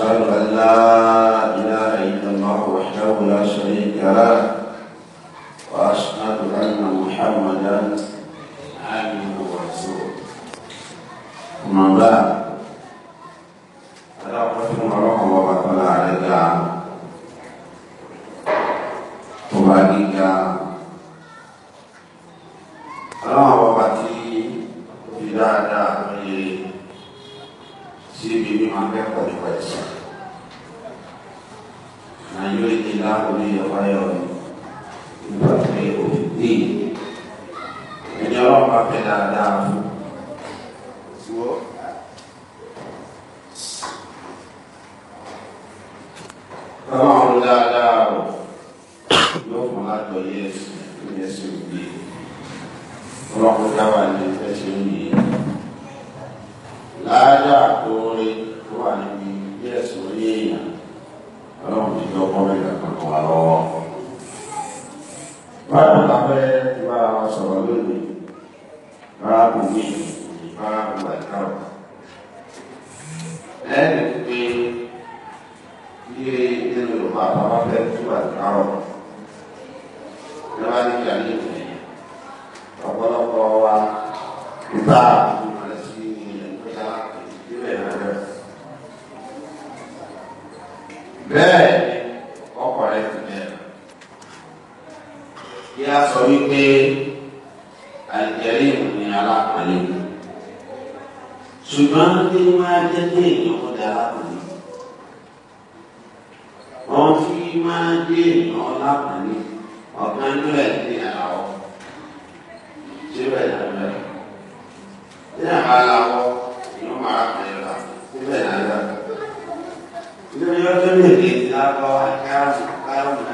أشهد أن لا إله إلا الله وحده لا شريك له وأشهد أن محمدا عبده ورسوله أما بعد kí a sọ wípé àìjẹrí ìrìn alápàlẹ ṣùgbọ́n bí máa jẹ́ ní èèyàn ó dára pàlẹ wọ́n fi máa dé èèyàn lápàlẹ ọ̀kan inú ẹ̀ ní àlàó síbẹ̀ nàbẹ̀ ní àlàó ìlú màrà pàlẹ síbẹ̀ nàbẹ̀. Ilé ọjọ́ méje ti lábọ́ àkáàmù àkáàmù náà.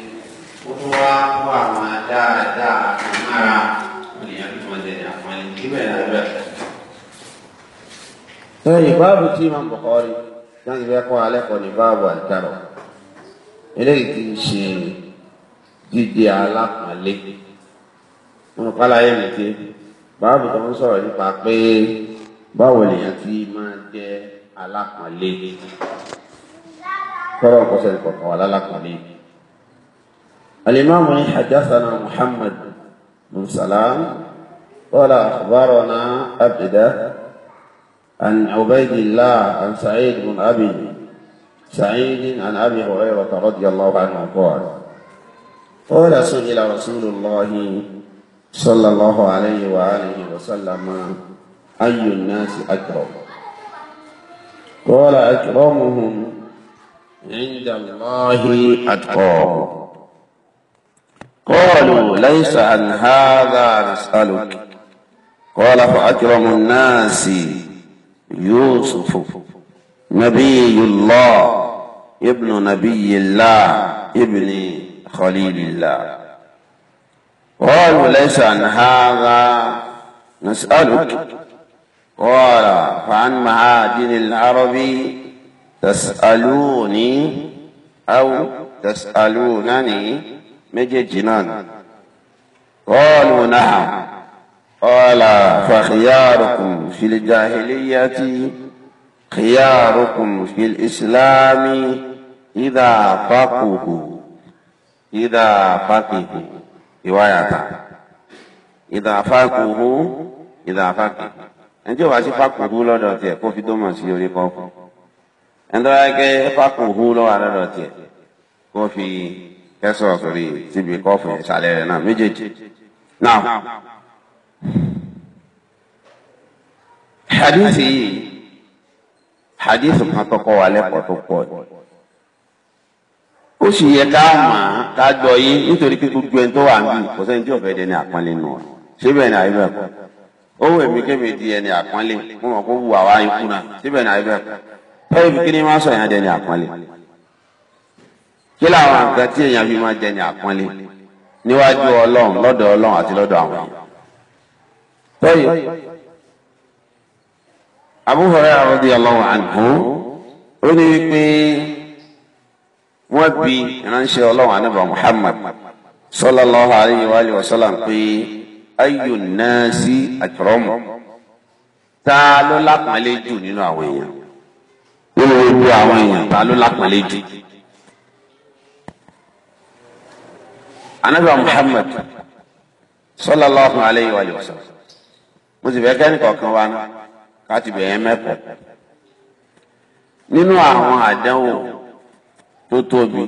ó tún wá kó àwọn dáadáa àmàrà olùyàn tó máa jẹ ní àfọ̀nì níbẹ̀ náà lọ́wọ́ ẹ̀. lẹ́yìn báàbù tí màá bọ̀kọ́ rí náà ti fẹ́ kọ́ alẹ́ kọ́ ní báàbù àdìkárọ̀ eléyìí ti ń ṣe dídí alápọ̀nlé wọn kọ́ láyé mi ti báàbù tó ń sọ̀rọ̀ nípa pé báwo lèèyàn ti máa jẹ́ alápọ̀nlé kọ́rọ̀ kọ́sẹ̀ kọ̀ọ̀kan wà lálápọ̀nlé. الإمام حدثنا محمد بن سلام قال أخبرنا أبدا عن عبيد الله عن سعيد بن أبي سعيد عن أبي هريرة رضي الله عنه قال قال سئل رسول الله صلى الله عليه وآله وسلم أي الناس أكرم قال أكرمهم عند الله أتقاهم قالوا ليس عن هذا نسألك قال فأكرم الناس يوسف نبي الله ابن نبي الله ابن خليل الله قالوا ليس عن هذا نسألك قال فعن معادن العرب تسألوني أو تسألونني méjèèjì náà ni ọ̀ọ́lù náà ọ̀ọ́là fàkìyàrùkùn fìlìjàhìlìyàtì kìyàrùkùn fìlìsìlámì ìdá fàkùhù ìdá fàkìhù ìwáyàtà ìdá fàkùhù ìdá fàkìhù ẹni tí ó wá sí fàkùhù lọ́dọ̀ tiẹ̀ kó fi tó mọ̀ sí orí kọ́kọ́ ẹni tó wá lọ́wọ́ lọ́dọ̀ tiẹ̀ kó fi. kẹ sọ̀rọ̀ sórí síbi kọfù ìsàlẹ̀ rẹ̀ náà méjèèjì náà hadithi yìí hadithi kan tọkọ wa lẹ́kọ̀ọ́ tó ó sì yẹ ká mà á ká gbọ́ yín nítorí pé gbogbo ẹni tó wà ń bì kò sẹ́ni tí òfẹ́ dẹni àpọ́nlé nù síbẹ̀ ní kọ́ ó wù di ẹni àpọ́nlé mo mọ̀ kó wù àwa síbẹ̀ ní kọ́ kí làwọn nǹkan tí èèyàn fi máa jẹ ní àpọ́nlé níwájú ọlọ́run lọ́dọ̀ ọlọ́run àti lọ́dọ̀ àwọn èèyàn. bẹ́ẹ̀ Abu Hurairah radiyallahu anhu ó ní wípé wọ́n bi ìránṣẹ́ ọlọ́run anábà Muhammad sallallahu alayhi wa alihi wa sallam pé ayyu nasi akramu ta ló lápọ̀nlé jù nínú àwọn èèyàn nínú gbogbo àwọn èèyàn ta ló lápọ̀nlé jù. anabiwa muhammad sallallahu alayhi wa sallam mo sì fẹ́ kẹ́ni kọ̀ọ̀kan wa ná káti bẹ̀yẹn mẹ́kọ̀ọ́ nínú àwọn àdánwò tó tóbi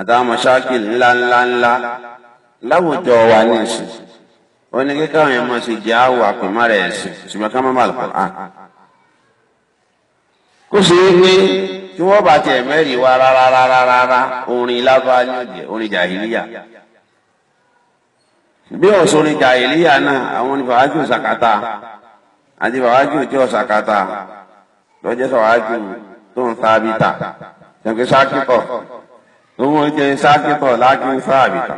àtàwọn mọ̀ṣáàkìlì ńláńláńlá láwùjọ wa ní ìsìn ó ní kíkà àwọn ẹ̀mọ́ sì jẹ́ àwọ̀ àpèmọ́ ẹ̀sìn ṣùgbọ́n ká má má lọ́kọ̀ọ́ kó sì ń gbé tí wọ́n bá tiẹ̀ mẹ́rin wa rárá rárá rárá orin lábá ní ọ̀jẹ̀ orin jàhìlíyà bí ọ̀sọ́rin jàhìlíyà náà àwọn ní fàájù sàkátà àti fàájù tí ó sàkátà lọ́jẹ́ fàájù tó ń sábìtà jẹ̀ǹkì sákìtọ̀ tó wọ́n jẹ́ sákìtọ̀ lákìn sábìtà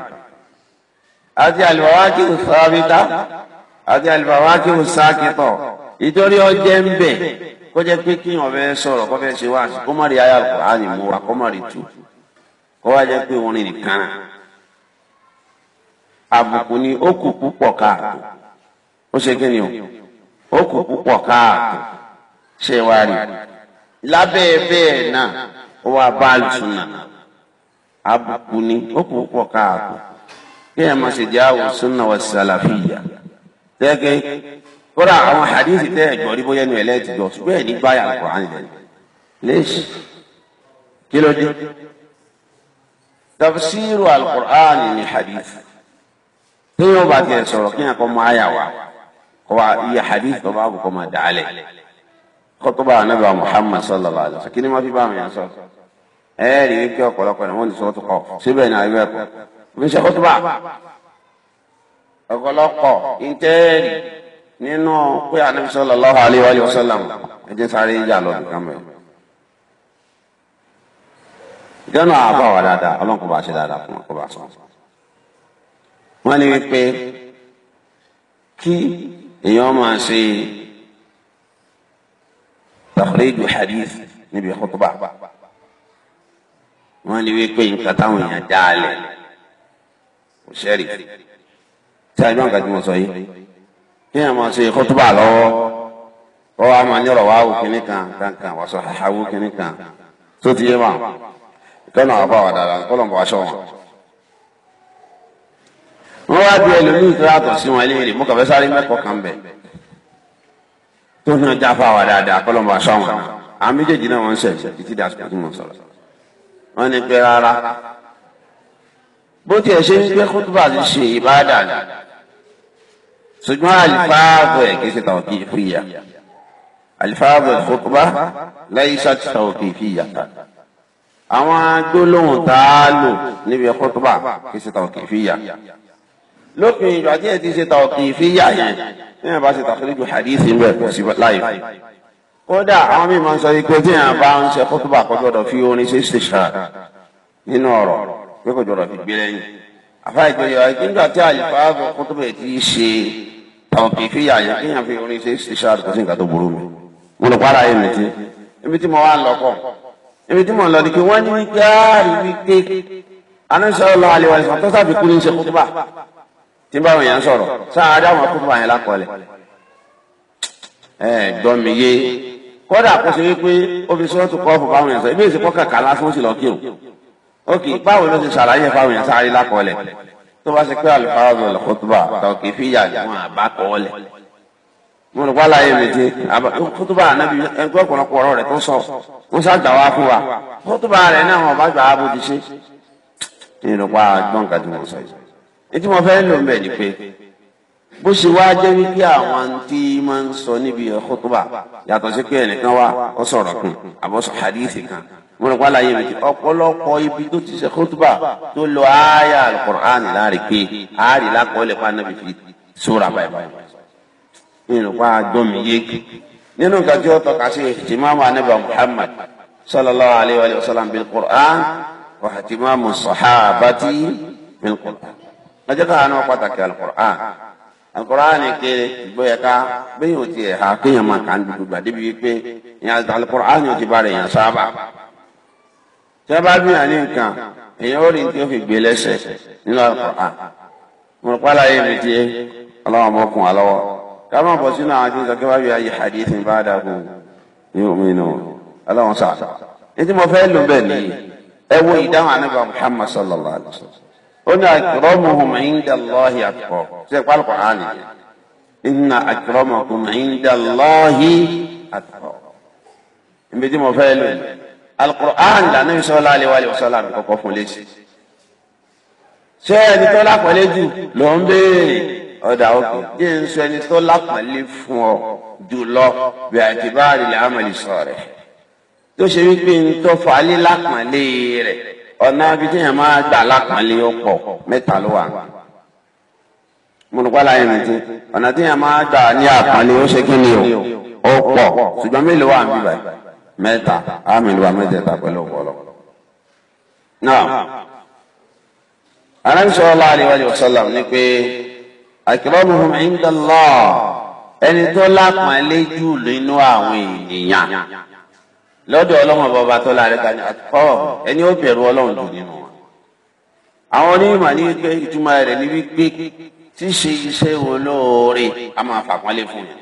àti àlùfàwákì sábìtà àti àlùfàwákì sákìtọ̀ ìtorí ọjẹ́ ń bẹ̀. kó jẹ́ pé kíyàn fẹ́ sọ̀rọ̀ kó fẹ́ ṣe wá kó má rí ayé mú wa kó má rí tu kó wá jẹ́ pé orin nìkan àbùkù ni ó kù púpọ̀ káàtó ó ṣe ni o ó kù púpọ̀ káàtó ṣe wá rí lábẹ́ bẹ́ẹ̀ náà ó ni ó kù púpọ̀ káàtó kí sunna kódà àwọn hadith tẹ́ ẹ̀gbọ́n rí bóyá ẹnu ẹ̀ lẹ́ẹ̀tì gbọ́ ṣùgbọ́n ẹ̀ ní gbáyà Kùránì lẹ́yìn léṣe kí ló dé tafsiru alukur'ani ni hadith téèyàn bá tiẹ̀ sọ̀rọ̀ kí yẹn kọ́ mọ àyà wa kọ́ wa iye hadith tó bá kọ́ máa dàálẹ̀ kọ́tọ́ba anabi wa Muhammad sallallahu alayhi wa sallam kí ni ma fi bá mi yàn sọ ẹ rí kí ọ̀pọ̀lọpọ̀ ni wọ́n ti sọ́tù kọ́ síbẹ̀ ní ayé ẹ̀kọ́ ọ̀pọ̀lọpọ̀ nínú pé anabi sallallahu alayhi wa sallam ẹ jẹ́ sáré yíyà lọ nìkan mẹ ìjọna àbá wa dáadáa Ọlọ́run kò bá ṣe dáadáa fún wọn kò bá sọ wọn ni wípé kí èèyàn máa ṣe tàkìrìjù hadith níbi khutba wọn ni wípé nǹkan táwọn èèyàn dáa lẹ kò sẹ́rì tí a gbọ́n nǹkan tí sọ yìí kéèyàn máa ṣe kótóbà lọ́wọ́ kọ́ wa máa nírọ̀ wá wò kínní kan kankan wàṣọ àwò kínní kan tó ti yé wọn ìtọ́nà àbá wà dáadáa kọ́lọ̀ bọ̀ aṣọ wọn. wọ́n wá bí ẹlòmíì tó yàtọ̀ sí wọn eléyìí mú kàfẹ́ sáré mẹ́kọ̀ọ́ kan bẹ̀ tó náà jáfa wà dáadáa kọ́lọ̀ bọ̀ aṣọ wọn àwọn méjèèjì náà wọ́n ń sẹ̀ títí dàsùkú tí mo sọ̀rọ̀ wọ́n ní pẹ́ rárá bó tiẹ̀ ṣe ń gbé kótóbà ti ṣe ìbáàdà ṣùgbọ́n àlìfáàbù ẹ̀ kì í ṣe tàwọn kì í fi yà àlìfáàbù ẹ̀ fọkùbá lẹ́yìn ṣáàtì tàwọn kì í fi yà tà àwọn gbólóhùn tá a lò níbi ẹ̀kọ́ tó bá kì í ṣe tàwọn kì í fi yà lópin ìgbà tí ẹ ti ṣe tàwọn kì í fi yẹn ní bá ṣe tàkìlì ju hadith ń bẹ kò sí láì kódà àwọn míì sọ pé tí èèyàn bá ń ṣe kótóbà kó fi orin ṣe ṣe ṣáà àwọn kìkì yà yẹ kéèyàn fi orin ṣe ìṣàr kò sí nǹkan tó burú mi mo lọ pàrọ̀ ayé mi ibi tí mo wá lọ ibi tí mo lọ ni pé wọ́n ní wípé ààrí wípé anáṣẹ́ ọlọ́ àlewà ìsàn tó sàfikún ní ṣe kútùbà tí báwọn èèyàn sọ̀rọ̀ sáà rí àwọn kútùbà yẹn lákọọ́lẹ̀ ẹ gbọ́ mi yé kódà kó ṣe wípé ó fi sọ́ọ́tù kọ́ọ̀fù báwọn èèyàn sọ ibi ìsìnkọ́ kàkà lásán ó sì lọ kírun ókè báwo ló ṣe ṣàlàyé fáwọn èèyàn sáà tó bá ṣe pé alifáàzù ọlọkọtùbà tàwọn kì í fi yà wọn àbá kọọlẹ mo rò wálá yẹn méje kótóbà anábì ẹgbẹ́ ọ̀pọ̀lọpọ̀ ọ̀rọ̀ rẹ̀ tó sọ wọ́n ṣàgbà wá fún wa kótóbà rẹ̀ náà wọn bá gbà á bó ti ṣe ní ìrọ̀pá gbọ́n nǹkan tí mo sọ yìí ètí mo fẹ́ lò ń bẹ̀ ni pé bó ṣe wá jẹ́ wípé àwọn tí máa ń sọ níbi kótóbà yàtọ̀ sí pé ẹnìkan wá ó sọ̀rọ̀ kan àbọ̀sọ̀ hadith kan mo rò pàlà yé mi ti ọ̀pọ̀lọpọ̀ ibi tó ti ṣe kótóbà tó lọ àyà alukur'an láàrí pé àárí lákọọ́lẹ̀ pa nàbì fi sóra báyìí mi rò pa àjọmi yé nínú nǹkan tí ó ìtìmáàmù anábà Muhammad sallallahu alayhi wa sallam bil qur'an wa ìtìmáàmù sahabati bil qur'an ọjọ́ ká àánú pàtàkì alukur'an alukur'an kéré gbóyè ká bẹ́ẹ̀ yóò ti ẹ̀ ha kéèyàn máa kà á dùdù gbà débi wípé ìyàn alukur'an yóò ti bá rẹ̀ yàn sábà tẹ́ bá bí hàn ní nǹkan èèyàn ó rí ní tí ó fi gbé lẹ́sẹ̀ nínú àkọ́kọ́ mo rò pálá yé mi tiẹ́ ọlọ́run ọmọkùn àlọ́wọ́ ká má bọ̀ sínú àwọn akéwìn sọ́kẹ́ bá bí ayé hadith bá dàgbò yóò mí nù ọlọ́run sà ní tí mo fẹ́ lò bẹ́ẹ̀ nìyí ẹ wo ìdáhùn anábà Muhammad sallallahu alayhi wa sallam ó ní akramakum inda Allahi atqakum ṣe pálọ̀kọ̀ á nìyẹn inna akramakum inda Allahi atqakum ìbí tí mo fẹ́ lò nìyẹn alukur'an lànà ìṣọlá àlewálé ọ̀ṣọ́lá mi kọ́kọ́ fún léṣe ṣé ẹni tó lápọ̀lé jù ló ń béèrè ọ̀dà òkè jẹ́ ń sọ ẹni tó lápọ̀lé fún ọ jùlọ bí àtibáàrí lè àmàlì sọ rẹ̀ tó ṣe wípé ń tó fà á lé lápọ̀lé rẹ̀ ọ̀nà ibi tí èèyàn máa gbà lápọ̀lé ọ̀pọ̀ mẹ́ta ló wà mọ̀nùpálá yẹn nìtí ọ̀nà tí èèyàn máa gbà ní àpọ̀lé ó ṣe kí ni o ó ṣùgbọ́n mélòó wà ń bíbáyìí mẹ́ta àmìlúwa mẹ́tẹ̀ẹ̀ta pẹ̀lú ọpọlọ. náà Ànábì sallallahu alaihi wasallam ní pé akramuhum inda Allah ẹni tó lápọ̀nlé jù nínú àwọn ènìyàn lọ́dọ̀ ọlọ́mọ bọba tó láre ká ní àtúkọ́ ẹni ó bẹ̀rù ọlọ́run jù nínú wọn. àwọn onímọ̀ ní pé ìtumọ̀ rẹ̀ ní wípé ṣíṣe iṣẹ́ olóore a máa fàpọ́nlé fún yẹn.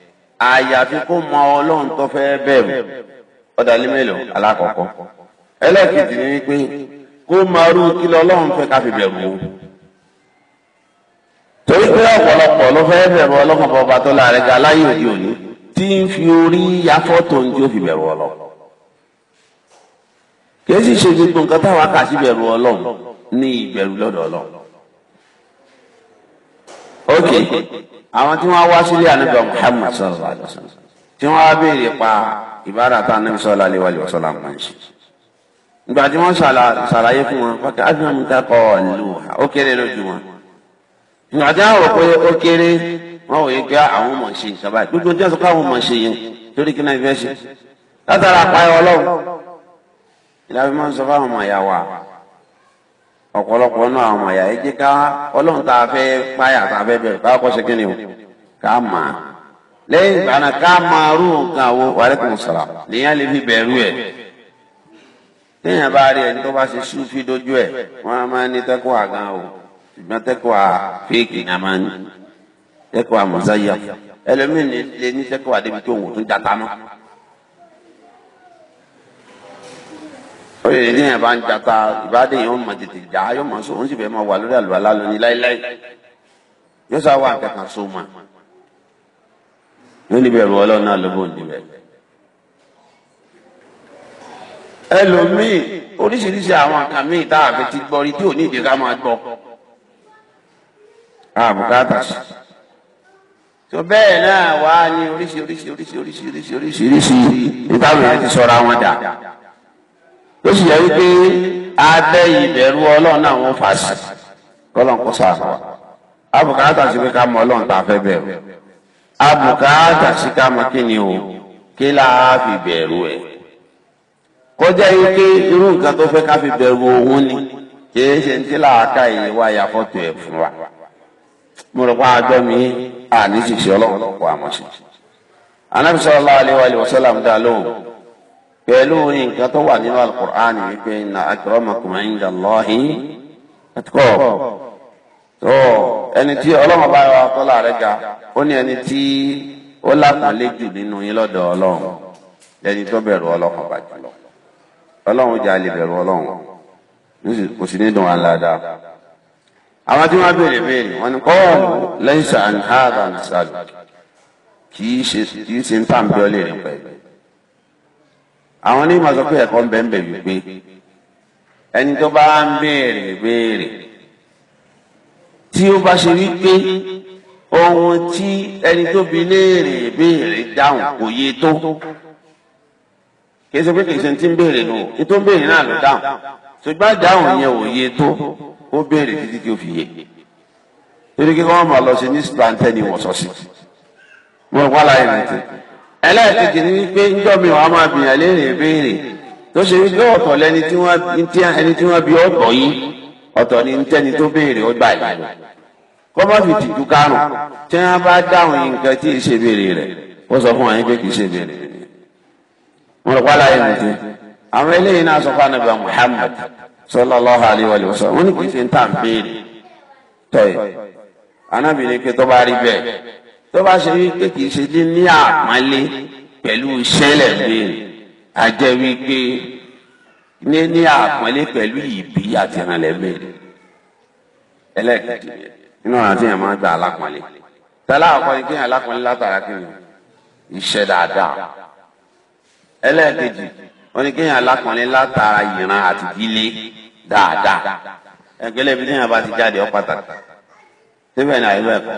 àyàfi kó mọ ọlọ́run tó fẹ́ bẹ̀rù ọ̀dàlí mélòó alákọ̀ọ́kọ́ ẹlẹ́kìtì ni wípé kó máa rú kí lọ́lọ́run fẹ́ ká fi bẹ̀rù o torí pé ọ̀pọ̀lọpọ̀ ló fẹ́ bẹ̀rù ọlọ́kan bọba tó láàrin ga láyé òde òní tí ń fi orí yafọ́tò ní tí ó fi bẹ̀rù ọlọ́ kì í sì ṣe gbogbo nǹkan táwa kà sí bẹ̀rù ọlọ́run ní ìbẹ̀rù lọ́dọ̀ ọlọ́run ok àwọn tí wọ́n wá sílé ànábì Muhammad sallallahu alaihi wasallam tí wọ́n wá béèrè pa ìbára tá ànábì sallallahu alaihi wasallam máa ń ṣe ìgbà tí wọ́n ṣàlàyé fún wọn pàkà ágbàmù dákọ̀ ìlú ó kéré lójú wọn ìgbà tí wọ́n rò pé ó kéré wọ́n wòye pé àwọn mọ̀ ṣe ìṣàbá gbogbo tí wọ́n sọ pé àwọn mọ̀ ṣe yẹn torí kí náà ìfẹ́ ṣe látara àpáyọ ọlọ́run ìlàbí máa ń sọ fáwọn ọmọ ìyá wa ọ̀pọ̀lọpọ̀ náà àwọn ọ̀yà ẹ jẹ́ ká ọlọ́run tá a fẹ́ páyà tá a fẹ́ bẹ̀rẹ̀ báwo kọ́ kí ni o ká mà lẹ́yìn ìgbà náà ká máa rú nǹkan àwo wàlẹ́kùn sàrà nìyẹn lè fi bẹ̀rù ẹ̀ téèyàn bá rí ẹni tó bá ṣe dojú ẹ̀ wọ́n á máa ní ó lè ní ìyẹn bá ń jata ìbádé yẹn ó mọ tètè jà á yóò mọ so òun sì fẹ́ mọ wà lórí àlùbá lálọ́ ní láíláí yóò sá wà kankan so mọ yóò níbẹ̀ rú ọlọ́run náà lóbó níbẹ̀. ẹlòmíì oríṣiríṣi àwọn nǹkan míì tá a fi ti gbọ́ rí tí ò ní ìdí ká máa gbọ́ àbùkátà sí tó bẹ́ẹ̀ náà wá ní oríṣiríṣi oríṣiríṣi oríṣiríṣi oríṣiríṣi ìtàwọn yẹn ti sọra wọn dà. sì yẹ wípé abẹ́ ìbẹ̀rù ọlọ́run náà wọ́n fà sí kọ́lọ́n kó sàánú wa abùkátà sí pé ká mọ ọlọ́run tá a fẹ́ bẹ̀rù abùkátà sí ká mọ kí ni o kí la fi bẹ̀rù ẹ̀ kọjá yìí irú nǹkan tó fẹ́ ká fi bẹ̀rù òun ni kì í ṣe ti làákà yìí wá ya ẹ̀ fún mi àní ṣìṣẹ́ ọlọ́run kò àmọ́ anábìsọ̀rọ̀ pẹ̀lú nǹkan tó wà nínú alukur'an yìí pé inna akramakum inda Allahi atqakum tó ẹni tí ọlọ́run bá yọ akọ́lá rẹ̀ ga ó ní ẹni tí ó lápọ̀nlé jù nínú yín lọ́dọ̀ ọlọ́run lẹ́ni tó bẹ̀rù ọlọ́run bá jùlọ ọlọ́run jà lè bẹ̀rù ọlọ́run kò sí ní dùn án ládàá àwọn tí wọ́n béèrè béèrè wọ́n ní kọ́ọ̀lù laysa an hadha nasalu kì í ṣe ń tàǹbí ọlẹ́rìn pẹ̀lú àwọn onímọ̀ sọ pé ẹ̀kọ́ ń bẹ̀ ń bẹ̀ wípé ẹni tó bá ń béèrè béèrè tí ó bá ṣe wípé ohun tí ẹni tó bi léèrè béèrè dáhùn kò yé tó kìí ṣe pé kìí ṣe ti ń béèrè nù kí tó ń béèrè náà ló dáhùn ṣùgbọ́n dáhùn yẹn ò yé tó ó béèrè títí tí ó fi yé torí kí wọ́n máa lọ sí ní spantel ni sí wọ́n wá láyé nìyẹn. ẹlẹ́ẹ̀kejì ni wípé ńjọ́ mi wàá máa bìyàn léèrè béèrè tó ṣe wípé ọ̀tọ̀ lẹni tí wọ́n ẹni tí wọ́n ọ̀tọ̀ ọ̀tọ̀ ni ntẹ́ni tó béèrè ó gbà yìí kọ́ má tí wọ́n bá dáhùn nǹkan tí ìṣe béèrè rẹ̀ ó fún pé ṣe béèrè wọn lọ àwọn Muhammad sallallahu alayhi wa sallam wọn kì í ṣe ń tà tó bá ṣe wípé kì í ṣe ní ní àpọ́nlé pẹ̀lú ṣẹlẹ̀ bẹ́ẹ̀ a jẹ́ wípé ní ní àpọ́nlé pẹ̀lú ìbí àti ìrànlẹ́ bẹ́ẹ̀ ẹlẹ́ẹ̀kejì nínú ọ̀nà tí yẹn máa ń gbà alápọ̀nlé tẹ́lá àpọ́nlé kéèyàn alápọ̀nlé látara kéèyàn iṣẹ́ dáadáa ẹlẹ́ẹ̀kejì wọ́n ní kéèyàn alápọ̀nlé látara ìran àti ìdílé dáadáa ẹgbẹ́lẹ́bí téèyàn bá ti jáde ó pàtàkì síbẹ̀ ní àyè bẹ́ẹ̀ kọ́.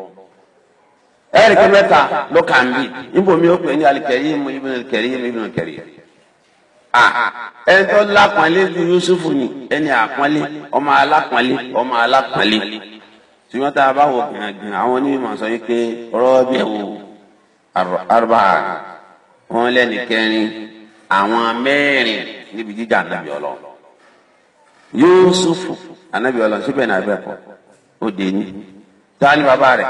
ẹ̀rí pé mẹ́ta ló kà ń bì ibò mi ó pè ní alikẹ́rìm ibùn alikẹ́rìm ibùn alikẹ́rìm. ẹni tó ju yusufu ni ẹni àpọ́nlé ọmọ alápọ́nlé ọmọ alápọ́nlé. ṣùgbọ́n bá wọ gbìyànjú àwọn onímọ̀ sọ wípé rọ́ọ̀bì ẹ̀wò arúgbó wọn lẹ́nu kẹrin àwọn mẹ́rin níbi jíjà ànábì ọlọ́run. Yusuf ànábì ọlọ́run síbẹ̀ náà bẹ̀ kọ́ ó dé ní. bàbá rẹ̀?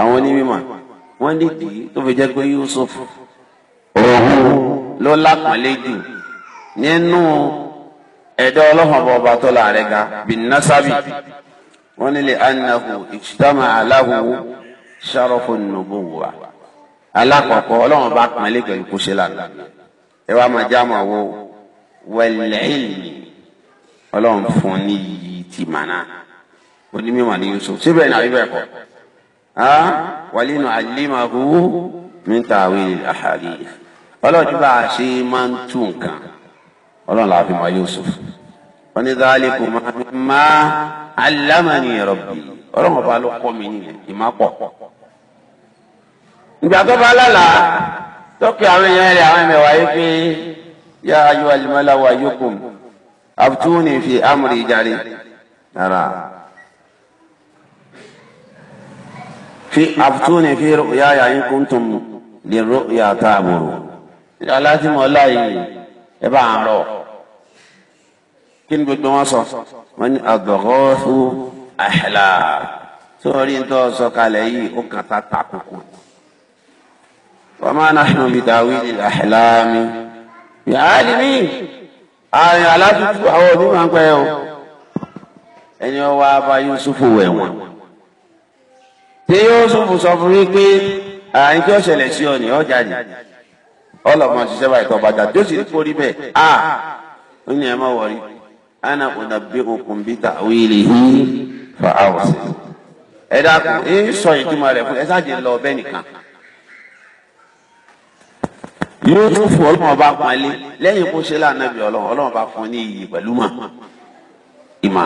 àwọn onímọ̀ wọ́n lè dì í tó fi jẹ́ pé Yusuf òun ló lápọ̀lé jù nínú ẹ̀dọ́ ọlọ́run ọba ọba tó la rẹ̀ ga bin nasabi wọ́n nílé anahu ìṣítàmà aláwo ṣàròfò nùbù wà alákọ̀ọ́kọ́ ọlọ́run ọba pẹ̀lú kó ṣe lànà ẹ wá máa jáàmù àwọ wẹ̀lẹ́ẹ̀lì ọlọ́run fún ní yìí tìmọ̀ náà onímọ̀ ní Yusuf síbẹ̀ ní àbíbẹ̀ kọ́ wàlínú àlímàhù min ta'wil al-ahadith ọlọ́ọ̀dún bá a ṣe máa ń tú nǹkan ọlọ́run la fi mọ Yusuf wọn ní dáálẹ́kùn máa ń má alámàní rabbi ọlọ́run ọba ló kọ́ mi nílẹ̀ ìmápọ̀. ìgbà tó bá lálàá tọ́pẹ́ àwọn èèyàn rẹ̀ àwọn ẹ̀mẹ̀wá yìí pé yá ayọ̀ alimọ́lá wa yókùn abtuni fi amri jari. fi abtuni fi ru'yaya in kuntum lirru'ya ta'buru aláti mọ́lá yìí ẹ bá ń rọ kí ni gbogbo wọn sọ wọn ni àgbọ̀gọ́sù àhìlá sórí ń tọ́ sọ kalẹ̀ yìí ó kàn tá ta kókó wama nahnu bitawili al-ahlami bí alimi àrùn alátùtù àwọn òbí máa ń pẹ́ o ẹni ọwọ́ Yusufu wẹ̀wọ̀n tí yóò sọ̀fù sọ fún yín pé àyìn tí ó ṣẹlẹ̀ sí ọ ní ọjà ni ọlọ́mọ ṣiṣẹ́ báyìí tó bàjá tó sì kó rí bẹ́ẹ̀ a ó ní ẹ má wọrí ana ọ̀nà bí okùn bí ta àwọn ilé yìí fa àwọ̀sẹ̀ ẹ dákun ẹ sọ ìtumọ̀ rẹ̀ fún ẹ sáàjì lọ ọbẹ̀ nìkan yóò tún fún ọlọ́run ọba pọ́nlé lẹ́yìn kó ṣe lánàbí ọlọ́run ọlọ́run ọba fún ní iyì pẹ̀lú mọ̀ ìmọ̀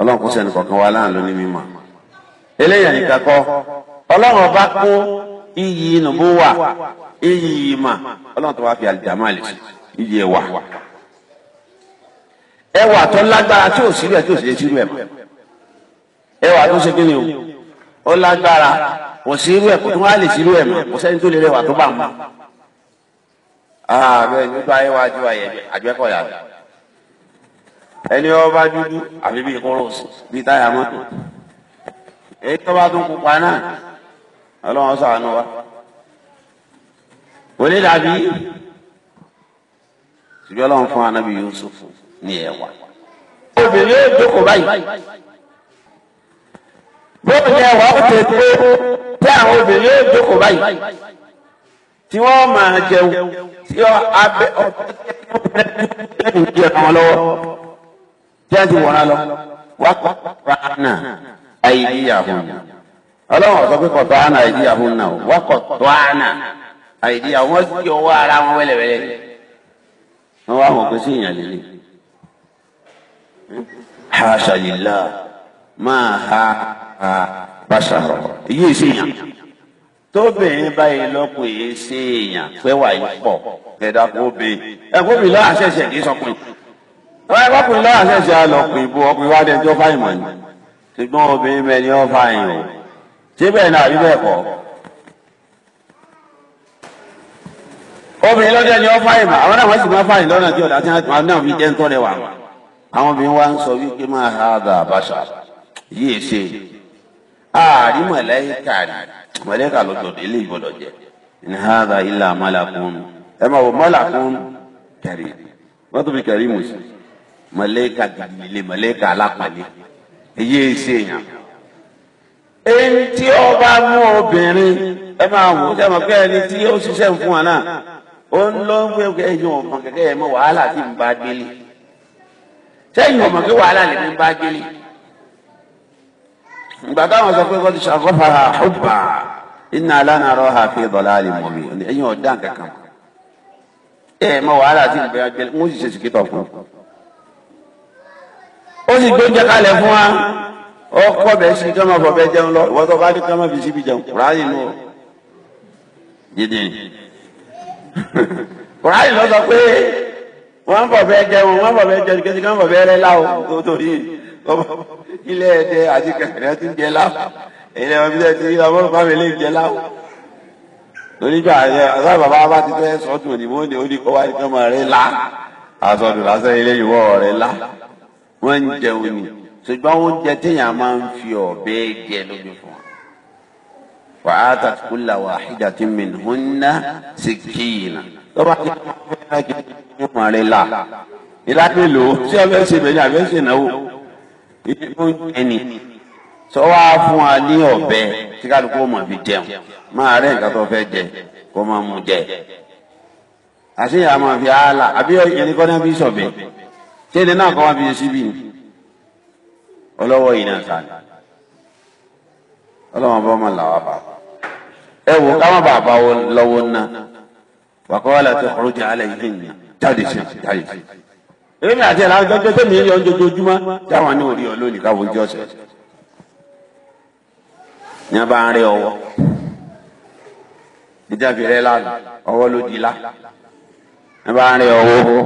ọlọ́run kó sẹ́ni kọ̀ọ̀kan wá láàánú ní mímọ̀ eléyàn nìkan kọ́ ọlọ́run ọba kó iyì nùbú wà iyì ìmà ọlọ́run tó wá fi àlìjàmálì iyì ẹwà ẹwà tó lágbára tí ò sí rẹ̀ tí ò sí létí rẹ̀ mọ́ ẹwà tó ṣe kíni o ó lágbára kò sí irú ẹ̀ kò tún wá lè sí irú ẹ̀ mọ́ kò sẹ́ni tó lè rẹwà tó bá mọ́ ààbẹ̀ ah, nípa ayéwájú ayẹyẹ àjẹkọ̀yà ẹni ọba dúdú àbí bíi kọ́rọ̀ọ̀sì bíi táyà mọ́tò èyí tó bá tún pupa náà ọlọ́run ṣàánú wa kò lè dàbí ṣùgbọ́n ọlọ́run fún anábì Yusuf ní ẹ̀wà. obìnrin yóò jókòó báyìí bóun ní ẹ̀wà ó ti pé tí àwọn obìnrin yóò báyìí tí wọ́n máa jẹun tí abẹ́ ọ̀pẹ́ tí wọ́n ti wọ̀nà lọ wá pa náà àìdíyàhùn ọlọ́run ọ̀sọ́ pé kọ̀tọ́ àná àìdíyàhùn náà wá kọ̀tọ́ àná àìdíyàhùn wọ́n jí ọwọ́ ara wọn wẹ́lẹ́wẹ́lẹ́ wọ́n wá wọn pé sí ìyàn líle haṣàlélá máa ha ha bàṣàrọ̀ èyí sí ìyàn tóbìnrin báyìí lọ́kùn èyí sí ìyàn pé yìí pọ̀ kẹ̀dá kó bẹ ẹ̀kọ́ mi kì í sọkùnrin ọ̀rẹ́ ọkùnrin lọ́wọ́ àṣẹ̀ṣẹ̀ alọ́kùnrin bó ọkùnrin wá dẹjọ́ fáìmọ̀ ni ṣùgbọ́n obìnrin mẹ́ni wọ́n fa yìí o síbẹ̀ náà àbí bẹ́ẹ̀ kọ́. obìnrin lọ́jọ́ ni wọ́n fa yìí mà àwọn náà wọ́n sì máa fa yìí lọ́nà tí ọ̀dà tí wọ́n náà fi jẹ́ ń tọ́lẹ̀ wà. àwọn obìnrin wa ń sọ wípé máa ha àgbà àbáṣà yìí ṣe ààrí mọ̀lẹ́kà mọ̀lẹ́kà lọ́jọ́ ilé ìgbọ́dọ̀ jẹ́ ní ha àgbà ilà mọ́làkún ẹ máa wọ mọ́làkún kẹrì wọ́n tó fi kẹrì mùsùlùmí mọ̀lẹ́kà gàdìlẹ̀ mọ̀lẹ́kà alápàlẹ́. èyí èsì èèyàn ẹni tí ó bá mú obìnrin ẹ máa wò ó ẹni tí ó ṣiṣẹ́ fún wa náà ó ń lọ ń wé ẹyin ọmọ kẹkẹ ẹ mọ wàhálà tí ń bá gbélé sẹ́yìn ọmọ kẹ wàhálà lè ní bá gbélé ìgbà táwọn sọ pé kọ́tù ṣàkófà ọba iná alánà rọ àlè mọ̀mí ọ̀dà kankan ẹ mọ wàhálà tí ń bá gbélé ó sì gbé oúnjẹ kalẹ̀ fún wa ó kọ́ bẹ̀ sí kí wọ́n máa fọ̀bẹ jẹun lọ ìwọ́n tó bá dé kí wọ́n máa fi síbi jẹun kùráyì nù ọ́ gidi kùráyì lọ sọ pé wọ́n ń fọ̀bẹ jẹun wọ́n ń fọ̀bẹ jẹun kí wọ́n fọ̀bẹ rẹ láwọ̀ tó torí ilé ẹ̀dẹ àti kẹ̀kẹ́ ti ń jẹ láwọ̀ ilé ọ̀bílẹ̀ ti rí ọmọ bá mi lè jẹ láwọ̀ lóníjọ àyẹ àti bàbá bá ti fẹ́ sọ́tún òdìbò ní kó wáyé kí wọ́n máa lásán ilé ìwọ́ rẹ̀ lá wọ́n ń jẹun ni ṣùgbọ́n oúnjẹ téèyàn máa ń fi ọ̀bẹ jẹ lóbi fún wa. wà á tàkùkù làwọn àhìjà tí mi ń hún ná sí kíyìnà. lọ́ba tí wọ́n fẹ́ lájú ìmọ̀ rẹ̀ là ìlà mélòó tí ọbẹ̀ ṣe bẹ̀rẹ̀ àbẹ̀ ṣe náwó oúnjẹ ni sọ wá fún wa ní ọ̀bẹ tí kálukú mọ̀ fi jẹun máa rẹ̀ nǹkan tó fẹ́ jẹ kó máa mú jẹ. àṣeyàn fi ààlà àbí ẹnì kan sọ̀bẹ̀ kéde náà kọ́ wá fi ṣe síbí ni ọlọ́wọ́ yìí náà sáà ni ọlọ́wọ́n bá ọmọ làwọn bá ẹ wò káwọn bá bá wọn lọ́wọ́ náà wàkọ́wá láti ọ̀rọ̀ jẹ́ alẹ́ yìí ni jáde sí jáde sí. èmi àti ẹ̀ láti gbẹ́gbẹ́ tẹ̀mí yọ ojoojúmọ́ táwọn ní orí ọ káwọn ojú ọ̀sẹ̀ ní a bá ń rí ọwọ́ níjàbí rẹ lánàá ọwọ́ ló di lá ní a bá ń rí ọwọ́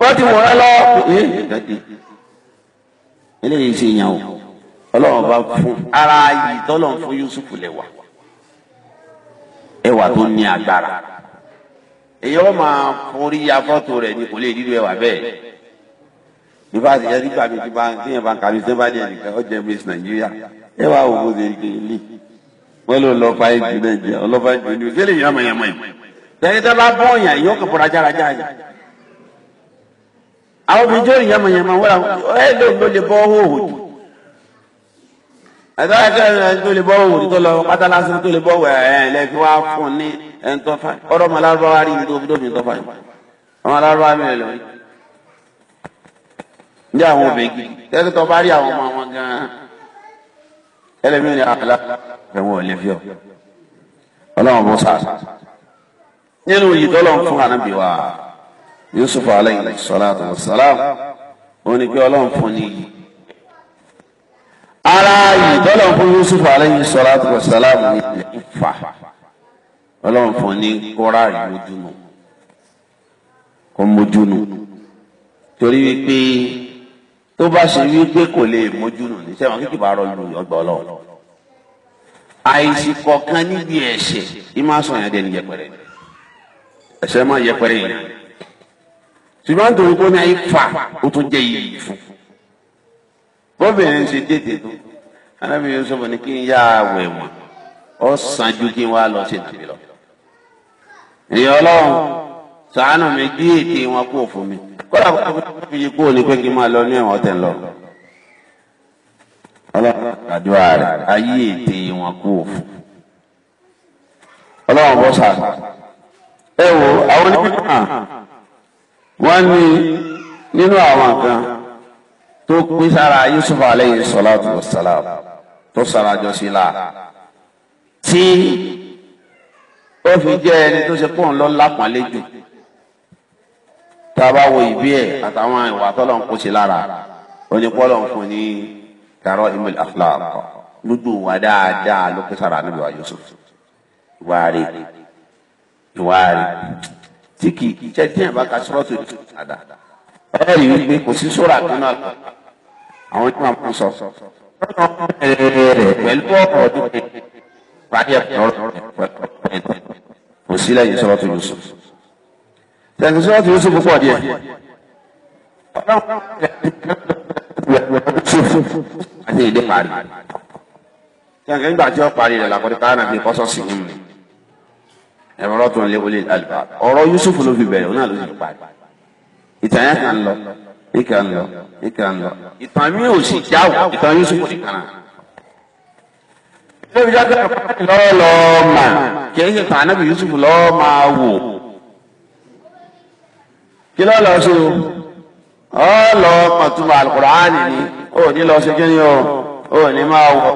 wọ́n ti wọ̀n lọ. Eh, eh, eh, eléyìí ṣe yàn o ọlọ́run bá fún ara yìí tọ́lọ́run fún Yusuf lẹ́wà ẹwà tó ní agbára èyí wọ́n máa forí afọ́tò rẹ̀ ni kò lè dídú ẹwà bẹ́ẹ̀ nípa àtijọ́ nígbà mi ti bá tíyẹn bá ń kàmí sí bá ní ẹnìkan ó jẹ́ miss Nàìjíríà ẹwà òwò ṣe ń kéèlì wọ́n ló lọ fa ìjù náà ọlọ́fà ìjù ni ó ṣe lè yàmàyàmà yìí. tẹ̀yìn tẹ́ bá bọ́ọ̀yàn yóò kàn fọ́ra járajára yìí àwọn obìnrin tó rìn yamayama wọ́n ẹ lò ló lè bọ́ òhò ẹ̀dọ́ ẹ̀kẹ́ tó lè bọ́ òhò tó lọ pátá lásán tó lè bọ́ òhò ẹ̀ lẹ́fi wá fún ní ẹ̀ńtọ́fà ọ̀rọ̀ ọmọ alárúbáwá rí ibi tó fi dóbi tọ́fà yìí ọmọ alárúbáwá mi rẹ̀ lọ ni àlá ẹ̀wọ̀n ò lè fi ọ yusuf alayhi salatu wa salam ó ní pé ọlọ́run fún ni ara yìí tọ́lọ̀ fún yusuf alayhi salatu wa salam ní ìfà ọlọ́run fún ni kọ́ra ìmójúnu kò mójúnu torí wípé tó bá ṣe wípé kò lè mójúnu ní sẹ́wọ̀n kíkì bá rọ ọgbà ọlọ́run àìsí kọ̀ọ̀kan níbi ẹ̀ṣẹ̀ ìmọ̀ àṣọ yẹn dẹni yẹpẹrẹ ẹ̀ṣẹ̀ máa yẹpẹrẹ yìí ṣùgbọ́n nítorí pé ó ní ayé fà ó tún jẹ́ iyì fún bọ́bìnrin ṣe dédé tó arábìnrin sọ̀rọ̀ ní kí n yá àwẹ̀ wọ̀n ó sàn ju kí n wá lọ sí nàbí lọ. ìyá ọlọ́run sàánù mi gbé ètè wọn kó fún mi kódà kó tó fi yí kó ní pé kí n máa lọ ní ẹ̀wọ̀n tẹ̀ ń lọ. ọlọ́run àdúrà rẹ̀ ayé ètè wọn kó fún. ọlọ́run bọ́ sà ẹ wo àwọn onímọ̀ náà wọ́n ní nínú àwọn kan tó pín sára Yusuf aleyhi salatu wa salam tó sára jọ sí la tí ó fi jẹ́ ẹni tó ṣe pọ̀ ńlọ lápọ̀nlé jù tá a bá wo ìbí ẹ̀ àtàwọn ìwà tọ́lọ̀ ń kó sí lára onípọ́lọ̀ ń fún ní kàrọ́ imel akhlaq lójú wa dáadáa ló pín sára níbi wa Yusuf ìwà rẹ̀ ìwà rẹ̀ tí kì í jẹ́ díẹ̀ bá ka sọ́ọ̀tù àdá ọ̀rọ̀ yìí wípé kò sí sóra kan náà àwọn tí wọ́n sọ ọ̀rọ̀ rẹ̀ pẹ̀lú ọ̀rọ̀ ọdún rẹ̀ parí ẹ̀kọ́ kò sí lẹ́yìn sọ́ọ̀tù Yusuf tẹ̀sán sọ́ọ̀tù Yusuf púpọ̀ díẹ̀ àti ìdí parí kẹ̀kẹ́ ńgbà tí ó parí rẹ̀ làkọ́dé káyọ̀ náà fi kọ́ sọ́ọ̀sì nínú rẹ̀ ẹ̀rọ tó ń lé wọlé àlùbá ọ̀rọ̀ Yusuf ló fi bẹ̀rẹ̀ òun náà ló sì parí ìtàn yẹn kan lọ ìkan lọ ìkan lọ ìtàn mi ò sì jáwọ́ ìtàn Yusuf nìkan náà lórí jáde lọ́wọ́ lọ́ọ́ mà kì í ṣe tàn ánábì Yusuf lọ́ọ́ máa wò kí lọ́ọ́ lọ́ọ́ ṣe o ọ́ lọ́ọ́ mọ̀túmọ̀ Al-Qur'ani ni ó ní lọ́ọ́ ṣe kí ni o ó ní máa wọ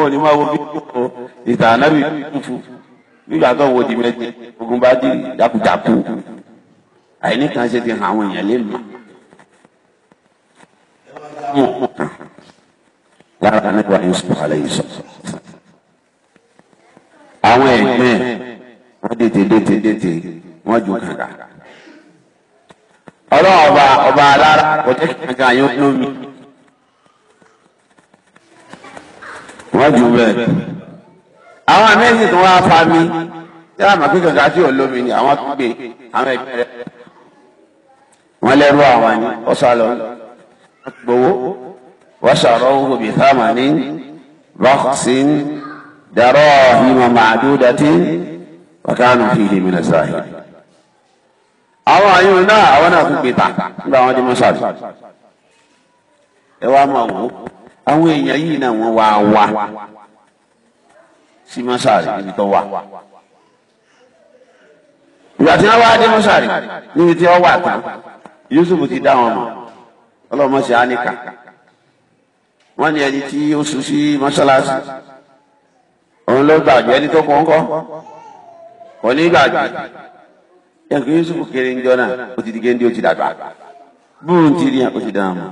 ó ní máa wọ bí ìtàn ánábì Yusuf nígbà tó wo dìmẹ́tì ogun bá di jákujáku àìní kan ṣe ti hàn àwọn èèyàn lé mọ́. lára nípa yusuf alayhi sọ àwọn ẹgbẹ́ wọn dètè dètè dètè wọn ju kàkà ọlọ́run ọba ọba alára kò jẹ́ kàkà yín lómi wọ́n ju bẹ́ẹ̀ àwọn àmẹ́sì tó wá fa mi tí wọ́n máa gbé kankan tí olómi ni àwọn tó gbé àwọn ẹgbẹ́ rẹ̀ wọ́n lẹ́rú àwọn ni ó sá lọ gbowó wọ́n sọ̀rọ̀ owó bíi sáàmà ní bákọ́sí dàrọ́ ìmọ̀ màdúdàtì wàkánù fìhì mìíràn sáà àwọn àyùn náà àwọn náà tún gbé ta nígbà wọn di mọ́ṣáàlì ẹ wá máa wò ó àwọn èèyàn yìí náà wọ́n wá wá sí mọ́sàárì níbi tó wà. ìgbà tí wọ́n wá dé mọ́sàárì níbi tí wọ́n wà tán Yusuf ti dá wọn mọ̀ ọlọ́mọ sí áníkà wọ́n ní ẹni tí ó sùn sí mọ́sálásí òun ló gbàgbé ẹni tó kún kọ́ kò ní gbàgbé ẹnkú Yusuf kéré ń jọ náà ó ti di géńdé ó ti dàgbà bóun ti rí ó ti dáhùn mọ́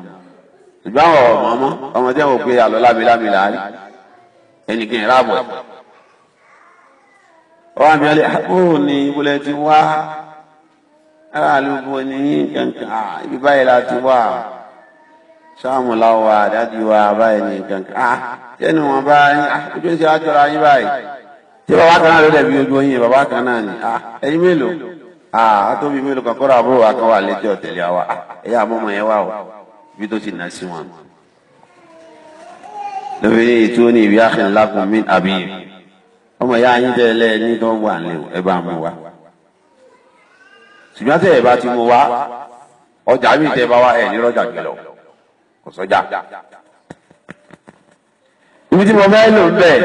ṣùgbọ́n àwọn ọmọ ọmọ ọmọdé wọn pé àlọ́ lámilámi láàárín ẹnìkan ìrábọ̀ ọwọ́ àmì ọlẹ́ àbúrò ní ibùlẹ̀ ti wá ara àlùkò ní kankan ibi báyìí láti wá sáàmù láwọ àdájú wa báyìí ní kankan tẹnu wọn bá ojú ń ṣe àjọra yín báyìí tí bàbá kan náà ló dẹ̀bi ojú oyin bàbá kan náà ni ẹyin mélòó àtòbí mélòó kan kọ́ra àbúrò wa wà létí ọ̀tẹ̀lẹ̀ wa ẹ̀yà àmọ́mọ́ yẹn wà o ibi tó ti nà sí wọn. lóbi ní ìtúwó ní ìwé àkànlá kùn mí àbí yìí ọmọ ìyá yín tẹ́ lẹ́ ní tó wà ní ẹ bá mú wa ṣùgbọ́n tẹ́ ẹ bá ti mú wa ọjà mi tẹ́ bá wa ẹ̀ ní rọ́jà gbé lọ kò sọ́jà. ibi tí mo fẹ́ lò ń bẹ̀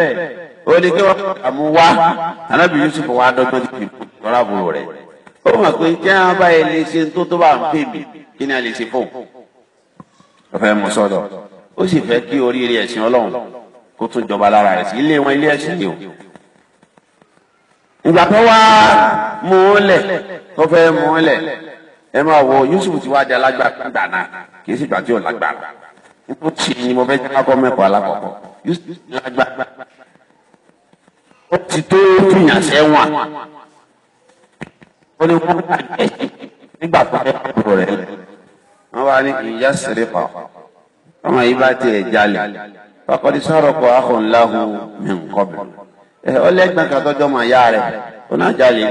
ó ní kí wọ́n àmú wa anábì Yusuf wa dọ́gbọ́n ti kìlú lọ́la bò rẹ̀ ó mọ̀ pé jẹ́ àwọn báyìí lè ṣe tó tó bá ń pè mí kí ni a lè ṣe fún un. ó fẹ́ mú ó sì fẹ́ kí oríire ẹ̀sìn Ọlọ́run kó tún jọba lára rẹ̀ sí ilé wọn ilé ẹ̀sìn ni o. ìgbà tó wá mú tó fẹ́ mú ẹ máa Yusuf ti wá di alágbàgbà náà kì í sì gbà tí ò lágbàgbà mo fẹ́ jẹ́ Yusuf ti lágbàgbà ó ti tó túyàn sẹ́wọ̀n ó ní wọ́n bá jẹ́ nígbà tó fẹ́ kúrò rẹ̀ wọ́n ní ìyá pa ọmọ yìí bá tiẹ̀ jalè kọ́ àkọ́ńláhùn mi ọlẹ́gbọ̀n kan tọ́jọ́ mọ̀ ìyá rẹ̀ ó náà jalè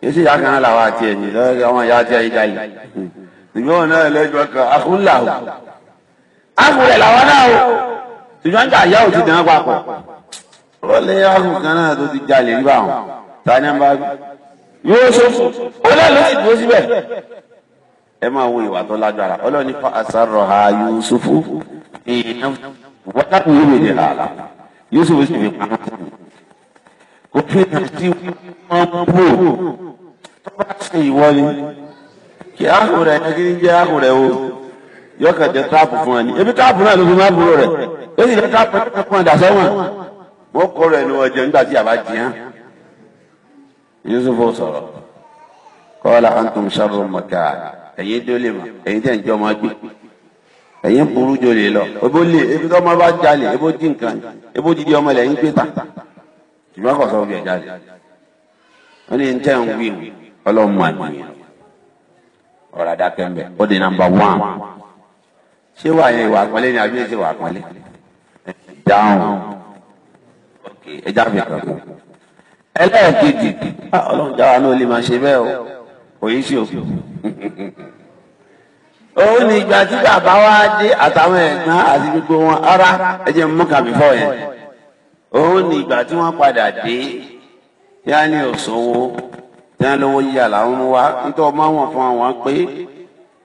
yìí sí ìyá kan làwọn àti ẹ̀yìn lọ́wọ́ àwọn ìyá àti ẹ̀yìn jalè ṣùgbọ́n wọn náà lẹ́gbọ̀n kan àkúńlà o àkúrẹ̀ làwọn náà o ṣùgbọ́n nígbà ìyá ò ti dán papọ̀ ó lé àkùn kan náà tó ti jalè nígbà wọn tani bá yóò ṣòfò ó náà ló sì dúró síbẹ̀ ẹ máa wo ìwà tó lágbára ọlọ́ọ̀ni fa àṣàrọ̀ ha Yusufu ìyẹn náà yóò lè dè àlà Yusuf sì fi pamọ́ òfin tí wọ́n bò tó bá ṣe ìwọ ni kí áhù rẹ̀ ní kí ní jẹ́ áhù rẹ̀ o yọkàn jẹ táàpù fún ẹ ní ebi táàpù náà ló fi máa búrò rẹ̀ ó sì lọ táàpù náà fún ẹ dà sẹ́wọ̀n wọ́n kọ́ rẹ̀ ní ọjọ́ nígbà tí àbá jìyàn Yusuf sọ̀rọ̀ kọ́lá antum sharrun maka ẹ̀yin dólé mọ̀ ẹ̀yin tẹ̀ ń jọ máa gbé ẹ̀yin burú jolè lọ ebó lè ebi tó ọmọ bá jalè ebó dín nǹkan ebó dídí ọmọ lẹ̀ ń gbé ta ṣùgbọ́n kò sọ ogun ẹ̀ jáde wọ́n ní tẹ́ ń wí ọlọ́run mọ̀ ẹ̀mọ̀ ọ̀rọ̀ àdàkẹ́ ń bẹ̀ ó di nàmbà wán ṣé wà yẹn ìwà àpọ́nlé ni àbí ẹ̀ṣẹ̀ wà àpọ́nlé dáhùn ẹja fi kàn kú ẹlẹ́ẹ̀kejì ah, ọlọ́run jáwa náà lè máa ṣe bẹ́ẹ̀ o kò yí sí o òun ni ìgbà tí bàbá wa dé àtàwọn ẹ̀gbọ́n àti gbogbo wọn ara ẹ̀jẹ̀ mú kàbí fọ́ yẹn òun ni ìgbà tí wọ́n padà dé yá ní òṣòwò tí wọ́n lówó yíyà làwọn mú wá nítorí ọmọ wọn fún àwọn pé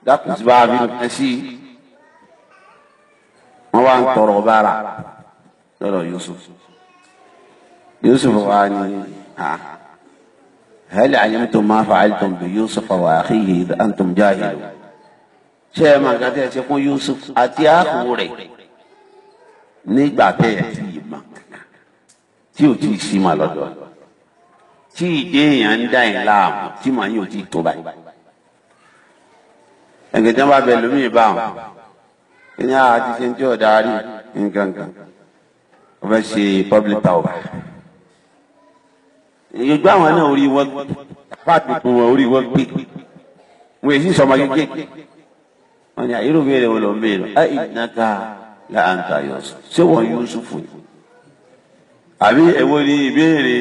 dákùn ti bá a bí nǹkan sí i wọ́n wá ń tọrọ bára lọ́dọ̀ Yusuf Yusuf wa ni hal alimtum ma fa'altum bi Yusuf wa akhihi idh antum jahilun ṣé ẹ máa gàdé ẹ ti fún Yusuf àti ààbò rẹ̀ nígbà tẹ́ ẹ ti yìí mọ́ tí ò tí ì sí mà lọ́dọ̀ tí ìdí èèyàn ń dá ìlà àmú tí màá yóò tí ì tó báyìí. ẹ̀gẹ̀dẹ̀ bá bẹ lómi ìbá wọn ẹni àá ti ṣe ń tí ọ̀dà rí nǹkan kan ó fẹ́ ṣe public power. ìgbà àwọn náà orí wọn pàtó fún wọn orí wọn gbé wọn èyí sọmọ kékeré wọn ni àyírò bèrè wọn lọ bèrè ẹ ìdínàká là ń ta yọ ṣé wọn Yúsúfù ni àbí èwo ni ìbéèrè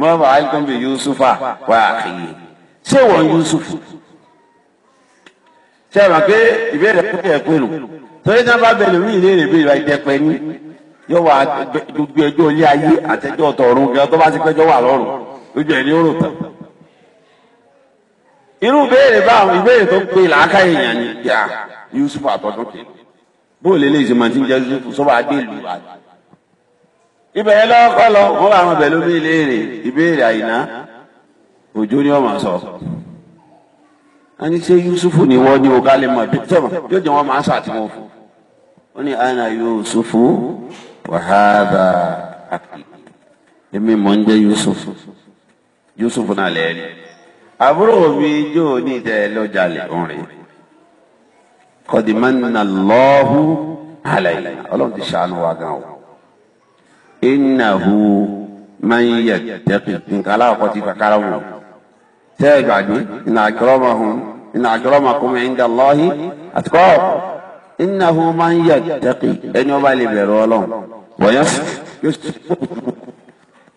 mọ́bà alikọ́mbì yusufa wà àkìyè ṣé wọ́n yusufu ṣe mà pé ìbéèrè kúrò ẹ̀ pé nù torí náà bá bẹ̀rẹ̀ mí ìlérí ìbéèrè wa ìdẹ́pẹ́ ní yóò wá gbogbo ẹjọ́ ilé ayé àtẹjọ́ ọ̀tọ̀ọ̀run gan tó bá ti pẹ́jọ́ wà lọ́rùn lójú ẹ̀ ní òrùn tán. irú ìbéèrè báwọn ìbéèrè tó pé làákà èèyàn ni yà yusufu àtọ́dún kìí bó lélẹ́yìí ṣe máa ti ń jẹ́ yusufu ibẹ̀ yẹn lọ́kọ́ lọ ó àwọn ibẹ̀ ló bí léèrè ìbéèrè àyìnà òjò ni wọ́n máa sọ. a ní ṣé yusufu ni wọ́n ní o ká lè mọ̀ bí tẹ̀mọ̀ yóò jẹ́ wọ́n máa ń ṣàtìmọ́ fún. ó ní ana yusufu wàhálà èmi mọ̀ ń jẹ́ yusufu yusufu náà lẹ́ẹ̀rí. àbúrò mi yóò ní ìtẹ́ lọ́jà lè kọ́dìmánà lọ́hùn-ún ọlọ́run ti ṣàánú wa gan o innahu man yattaqi nǹkan aláwọ̀kọ́ ti fà kára wọn. tẹ́ ẹ gbàgbé inna akramakum inna akramakum inda Allahi atqakum innahu man yattaqi ẹni ọba lè bẹ̀rù ọlọ́run wọ̀nyẹ́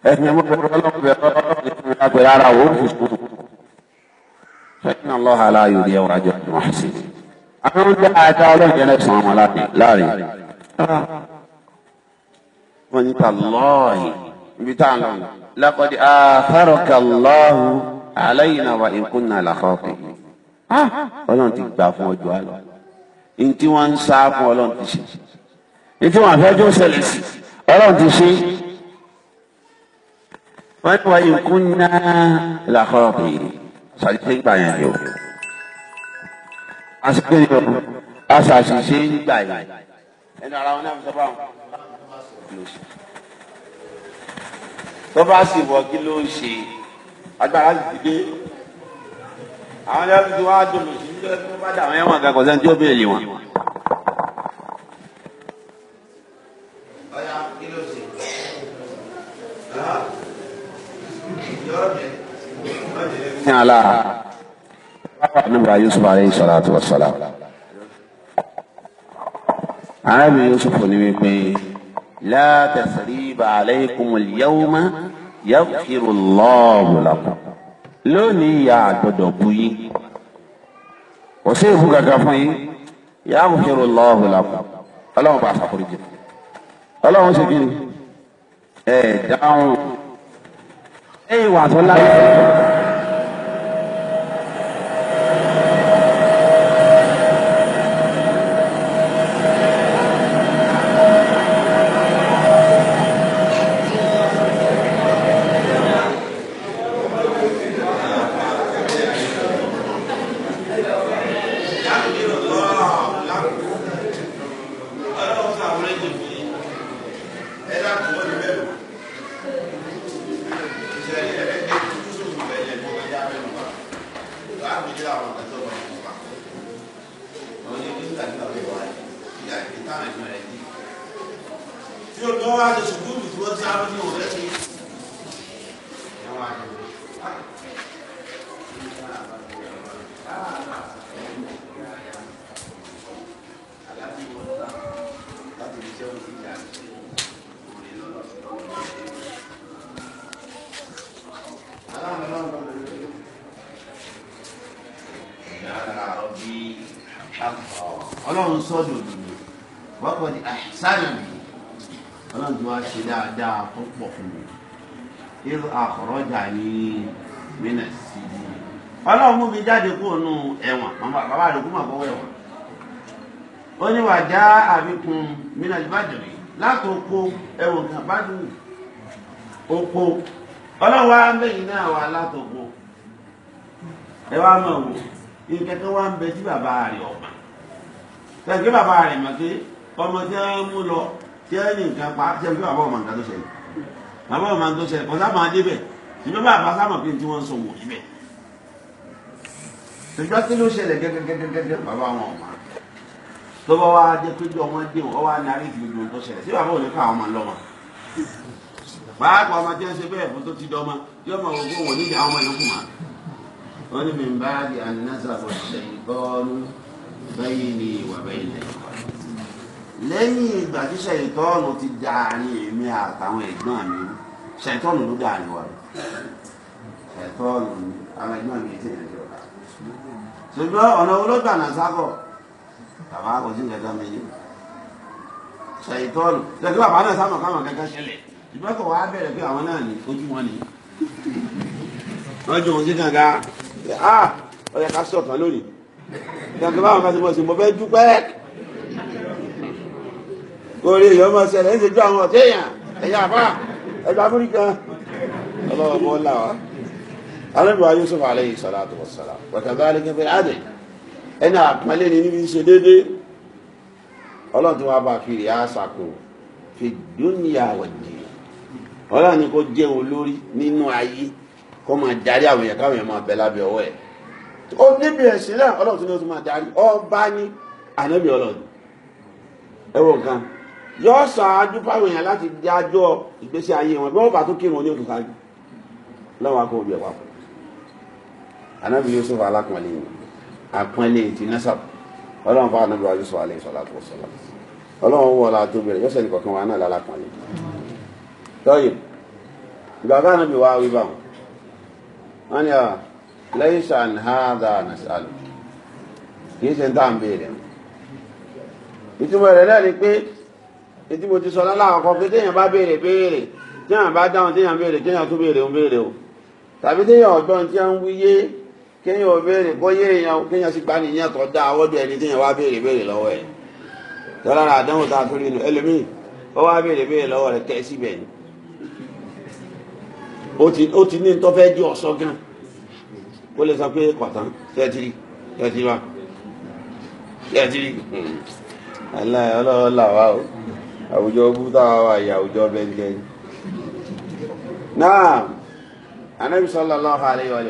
ẹni ọba bẹ̀rù ọlọ́run bẹ̀rù ọlọ́run فإن الله لا يضيع أجر المحسنين. أنا أقول لك تعالوا جنب سلام الله لا wọ́n ní tàlọ́ọ̀hì ibi tá à ń lọ laqad atharaka Allahu alayna wa in kunna làkọ́ọ̀kì ọlọ́run ti gbà fún ọjọ́ àlọ́ ní tí wọ́n ń sá fún ọlọ́run ti ṣe ní tí wọ́n àfẹ́jọ́ ṣẹlẹ̀ sí ọlọ́run ti ṣe wọ́n ní wa in kunna làkọ́ọ̀kì ṣàlùfẹ́ gbà yẹn yòó àṣìṣe yòó àṣàṣìṣe ń gbà yẹn ẹnu ara wọn náà sọ báwọn kí ló ṣe tó bá sì wọ kí ló ṣe agbára ti dé àwọn ẹlẹ́rú tí wọ́n á dùn lù sí ní ẹgbẹ́ tó bá dà àwọn ẹ̀wọ̀n kan kò sẹ́ni tí ó béèrè wọn. ní ala nígbà Yusuf aleyhi salatu wa salam arábìnrin Yusuf ní wípé. لا تثريب عليكم اليوم يغفر الله لكم lónìí ìyà àgbọ̀dọ̀ bu yín kò sí ìfún kankan fún yín يغفر الله لكم ọlọ́run bá aṣàforíjì ọlọ́run ṣe kí ni ẹ̀ dáhùn ẹ̀ ìwà tó láyé. kun mina ìbàdàn láti oko ẹ̀wọ̀n kan bá dùn oko ọlọ́wọ́ amẹ́yìn náà wà láti oko ẹ wá mọ̀ wò nǹkan kan wá ń bẹ tí bàbá rẹ̀ ọ̀mà tẹ̀sí bàbá rẹ̀ mọ̀ pé ọmọ tí wọ́n mú lọ tí wọ́n ní nǹkan pa tí wọ́n fi bàbá ọmọ nǹkan tó ṣẹlẹ̀ bàbá ọmọ nǹkan tó ṣẹlẹ̀ kọ́sá máa débẹ̀ ṣùgbọ́n bàbá sábà pé tí wọ́n ń sọ wò níbẹ̀ ṣùgbọ́n kí ló ṣẹlẹ̀ gẹ́gẹ́gẹ́gẹ́gẹ́ bàbá wọn ọ̀mà tó bá wá jẹ́ pé ọmọ dé wọn wá ní àríkì gbogbo tó ṣẹlẹ̀ sí bàbá òní kọ àwọn ọmọ lọ́mọ pàápàá ọmọ tí wọn ṣe bẹ́ẹ̀ fún tó ti dọmọ tí ọmọ ògbó wọn níbi àwọn ọmọ yòókù mà wọn ní mi bá di anásàbọ ṣẹyìn bọọlù bẹyìn ni ìwà bẹyìn lẹ lẹ́yìn ìgbà tí ṣẹyìn tọọnù ti dàárín èmi àtàwọn ẹ̀gbọ́n mi ṣẹyìn tọọnù ló dàárín wa ṣẹyìn tọọnù àwọn ẹ̀gbọ́n mi ti bàbá kò sí nǹkan kan méjì ṣàìtọ́nù ṣàìtọ́nù bàbá náà sábà káwọn kankan ṣẹlẹ̀ ìbákọ̀ wa bẹ̀rẹ̀ pé àwọn náà ní ojú wọn ni wọ́n jọ òun sí kankan ah ọ̀yẹ̀ ká sọ̀tàn lónìí kankan báwọn kan ti bọ̀ sí mo fẹ́ dúpẹ́ orí èèyàn máa ṣẹlẹ̀ ń ṣèjú àwọn ọ̀tí èèyàn ẹ̀yà àbá ẹ̀gbà amúríkà ọlọ́wọ́ mọ́ ọ́ là wá. alẹ́ bí wàá Yusuf alayhi salatu wa wa kadhalika fil adi ẹni àpọ́nlé ni níbi ṣe déédéé ọlọ́run tí wọ́n bá fi rè àṣàkò fi dúnìyà wọ̀dì ọlọ́run ni kò jẹ́ olórí nínú ayé kó máa darí àwọn èèyàn káwọn èèyàn máa bẹ lábẹ́ ọwọ́ ẹ̀ ó níbi ẹ̀sìn náà ọlọ́run tí wọ́n máa darí ọba ní ànábì ọlọ́run ẹ wọ nǹkan yọ ṣáájú fáwọn èèyàn láti dájọ́ ìgbésí ayé wọn bí wọ́n kírun ní òtún ṣáájú lọ́wọ́ akọ̀wé ẹ̀ wá fún ànábì Yusuf alákùnrin yìí àpọ́nlé ti násàbù ọlọ́run fún anábìrì ayúṣọ alẹ́ ìṣọ̀lá tó sọ̀lá ọlọ́run wọ́n la tó bẹ̀rẹ̀ yọ́sẹ̀ ní kọ̀ọ̀kan wa náà lára pọ́nlé. tọ́yì ìgbà bá anábì wá wí báwọn wọ́n ní à lẹ́yìn sàn hádà nàṣàlù kì í ṣe ń tà ń béèrè ìtumọ̀ rẹ̀ náà ni pé ètí mo ti sọ lọ́la àkọ́kọ́ pé téèyàn bá béèrè béèrè téèyàn bá dáhùn téèyàn béèrè téèyàn tún béèrè ń béèrè o tàbí téèyàn ọ̀gbọ́n tí wọ́n ń wíyé kéèyàn ò béèrè bóyá èèyàn kéèyàn sì gbani ìyàn tó dá àwọ́dọ̀ ẹni téèyàn wá béèrè béèrè lọ́wọ́ ẹ̀ tọ́lára àdánwò tá a tó inú ẹlòmíì ó wá béèrè béèrè lọ́wọ́ rẹ̀ tẹ́ síbẹ̀ ni ó ti ní tó fẹ́ jẹ́ ọ̀sọ́ gan kó lè sọ pé kọ̀tán tẹ́tìrì tẹ́tìrì wa tẹ́tìrì hmm. ọlọ́run là wá o àwùjọ bú táwa wà yìí àwùjọ bẹ́ńkẹ́ni. náà anabi sallallahu alayhi wa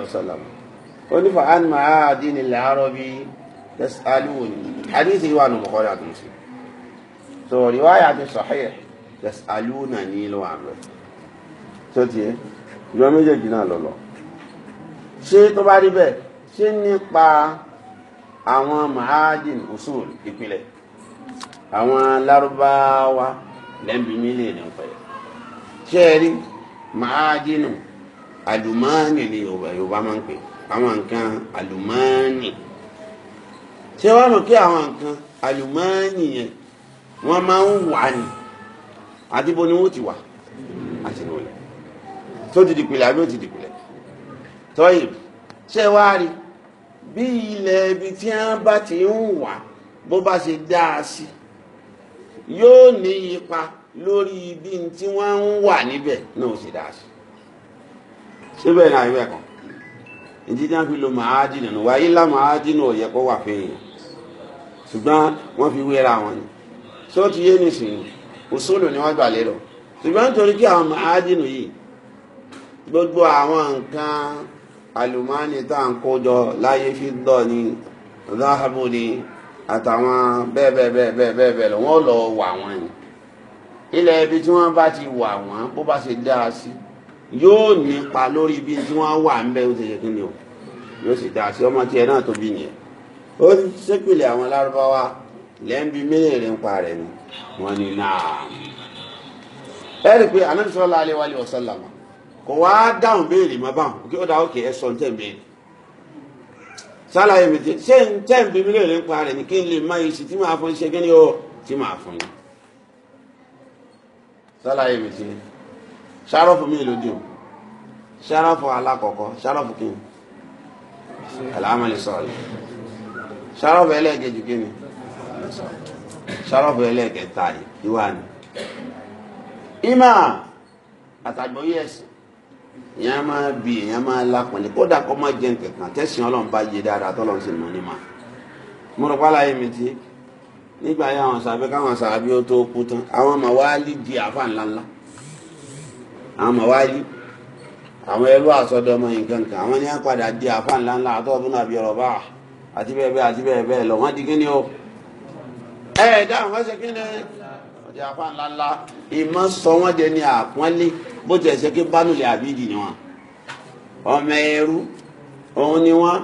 onífà án máa àdín ilẹ̀ àárọ̀ bí tẹ́sàlùwò ni hadith yìí wà nù Bukhari àti Muslim so riwaya ti sahih tẹ́sàlùwò náà ní ìlú àmì tó tiẹ̀ ìjọ méjèèjì náà lọ́lọ́ ṣé tó bá rí bẹ́ẹ̀ ṣé nípa àwọn mahadin usul ìpìlẹ̀ àwọn lárúbáwá lẹ́mbi mílíọ̀nù nǹkan yẹn ṣé ẹ rí mahadin alùmánì ni Yorùbá máa ń pè é àwọn nǹkan àlùmọ́ọ́nì ṣé wàá rò pé àwọn nǹkan àlùmọ́ọ́nì yẹn wọ́n máa ń wà ní àdìbò ni wọ́n ti wà àti ìrọ̀lẹ́ tó ti dìpìlẹ̀ àbí ó ti dìpìlẹ̀ tọ́yìn ṣé wàá rí bí ilẹ̀ ibi tí wọ́n bá ti ń wà bó bá ṣe dá a sí yóò ní ipa lórí ibi tí wọ́n ń wà níbẹ̀ náà ṣe dá a sí síbẹ̀ náà ìwé ẹ̀kan ìdí náà fi lo màádìnà nù wáyé lá màádìnà ọ̀yẹ́ kó wà fún èèyàn ṣùgbọ́n wọ́n fi wéra wọn ni tó ti yé nìsín òṣòlò ni wọ́n gbà lérò ṣùgbọ́n nítorí kí àwọn màádìnà yìí gbogbo àwọn nǹkan àlùmọ́ọ́nì tá à ń kó jọ láyé fi dọ̀ ni ọ̀dáhàbò ni àtàwọn bẹ́ẹ̀ bẹ́ẹ̀ bẹ́ẹ̀ bẹ́ẹ̀ bẹ́ẹ̀ lọ wọ́n lọ wà wọ́n ni ilẹ̀ ibi tí wọ́n bá ti wà wọ́n bó bá ṣe dáa sí yóò nípa lórí bí tí wọ́n wà ń bẹ́ ó ti yẹ ni o yóò sì dá sí ọmọ tí ẹ náà tóbi nìyẹn ó ṣépìlẹ̀ àwọn lárúbáwá lẹ́ńbí mélèrè ń pa rẹ̀ ni wọ́n ní náà ẹ rí i pé Ànábì sallallahu alaihi wa sallam kò wá dáhùn béèrè má báwọn kí ó dá òkè ẹ sọ ní tẹ̀ béèrè sálàyé mi ti ṣé ń tẹ̀ ń bí mélèrè ń pa rẹ̀ ni kí n lè má yìí sí tí màá fún iṣẹ́ kí ni o tí màá fún yìí sálàyé mi ti ṣárọ́fù mi ló dìun ṣárọ́fù alákọ̀ọ́kọ́ ṣárọ́fù kí ni aláàmàlì sọ̀rọ̀ ṣárọ́fù ẹlẹ́ẹ̀kejì kí ni ṣárọ́fù ẹlẹ́ẹ̀kẹta ìwà ni ìmà àtàgbọ́yé ẹ̀sìn ìyẹn máa bi ìyẹn máa lápọ̀nlé kódà kó má jẹ́ nǹkankan tẹ̀sán ọlọ́run bá yé dáadáa tọ́lọ́run sì mọ̀ ní ma mo rò pálá yìí mi ti nígbà yà wọn sàbẹ káwọn sàbẹ ó tó kú tán àwọn màwáálì di àfa ńláńlá àwọn mọ̀wájú àwọn ẹrú àsọdọmọ nǹkan kan àwọn ní wọn padà di àfa ńlá ńlá àtọ́bùnú àbí ọ̀rọ̀bá àti bẹ́ẹ̀ bẹ́ẹ̀ àti lọ di kí o ẹ ẹ dáhùn ṣe kí ni ọ̀dẹ àfa ńlá ńlá ìmọ̀ sọ wọ́n jẹ ní àpọ́nlé bó tiẹ̀ ṣe kí bánulẹ̀ àbídì ni wọn ọmọ ẹrú òun ni wọn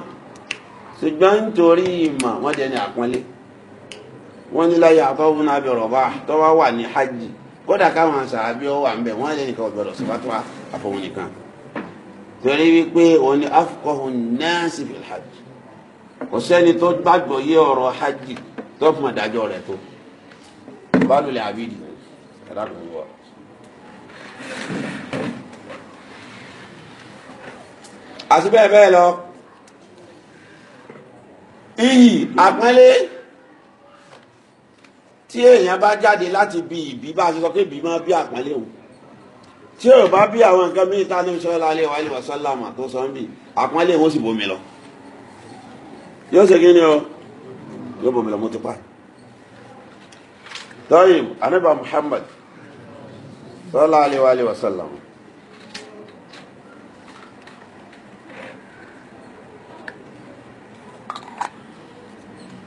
nítorí jẹ ní ní kódà káwọn sàábí ọ wà nbẹ wọn lè nìkan ọgbọdọ sọfàtọ àfọwọn nìkan torí wípé òun ni afqahun nas fil hajj kò sẹ́ni tó gbàgbọ́ yé ọ̀rọ̀ hajj tó fún àdájọ́ rẹ̀ tó balùwẹ̀ àbídì ẹ̀dá kò wọ́. àti bẹ́ẹ̀ bẹ́ẹ̀ lọ iyì àpẹẹlẹ tí èèyàn bá jáde láti bí ìbí bá a ṣe sọ pé ìbí máa bí àpọ́nlé òun tí ò bá bí àwọn nǹkan míì tá a ní sọ́lá alẹ́ wa alẹ́ wa sálámà tó sọ ń bì àpọ́nlé òun sì bomi lọ yóò ṣe kí ni o yóò bomi lọ mo ti pa. tọ́yìn anábà Muhammad sọ́lá alẹ́ wa alẹ́ wa sálámà.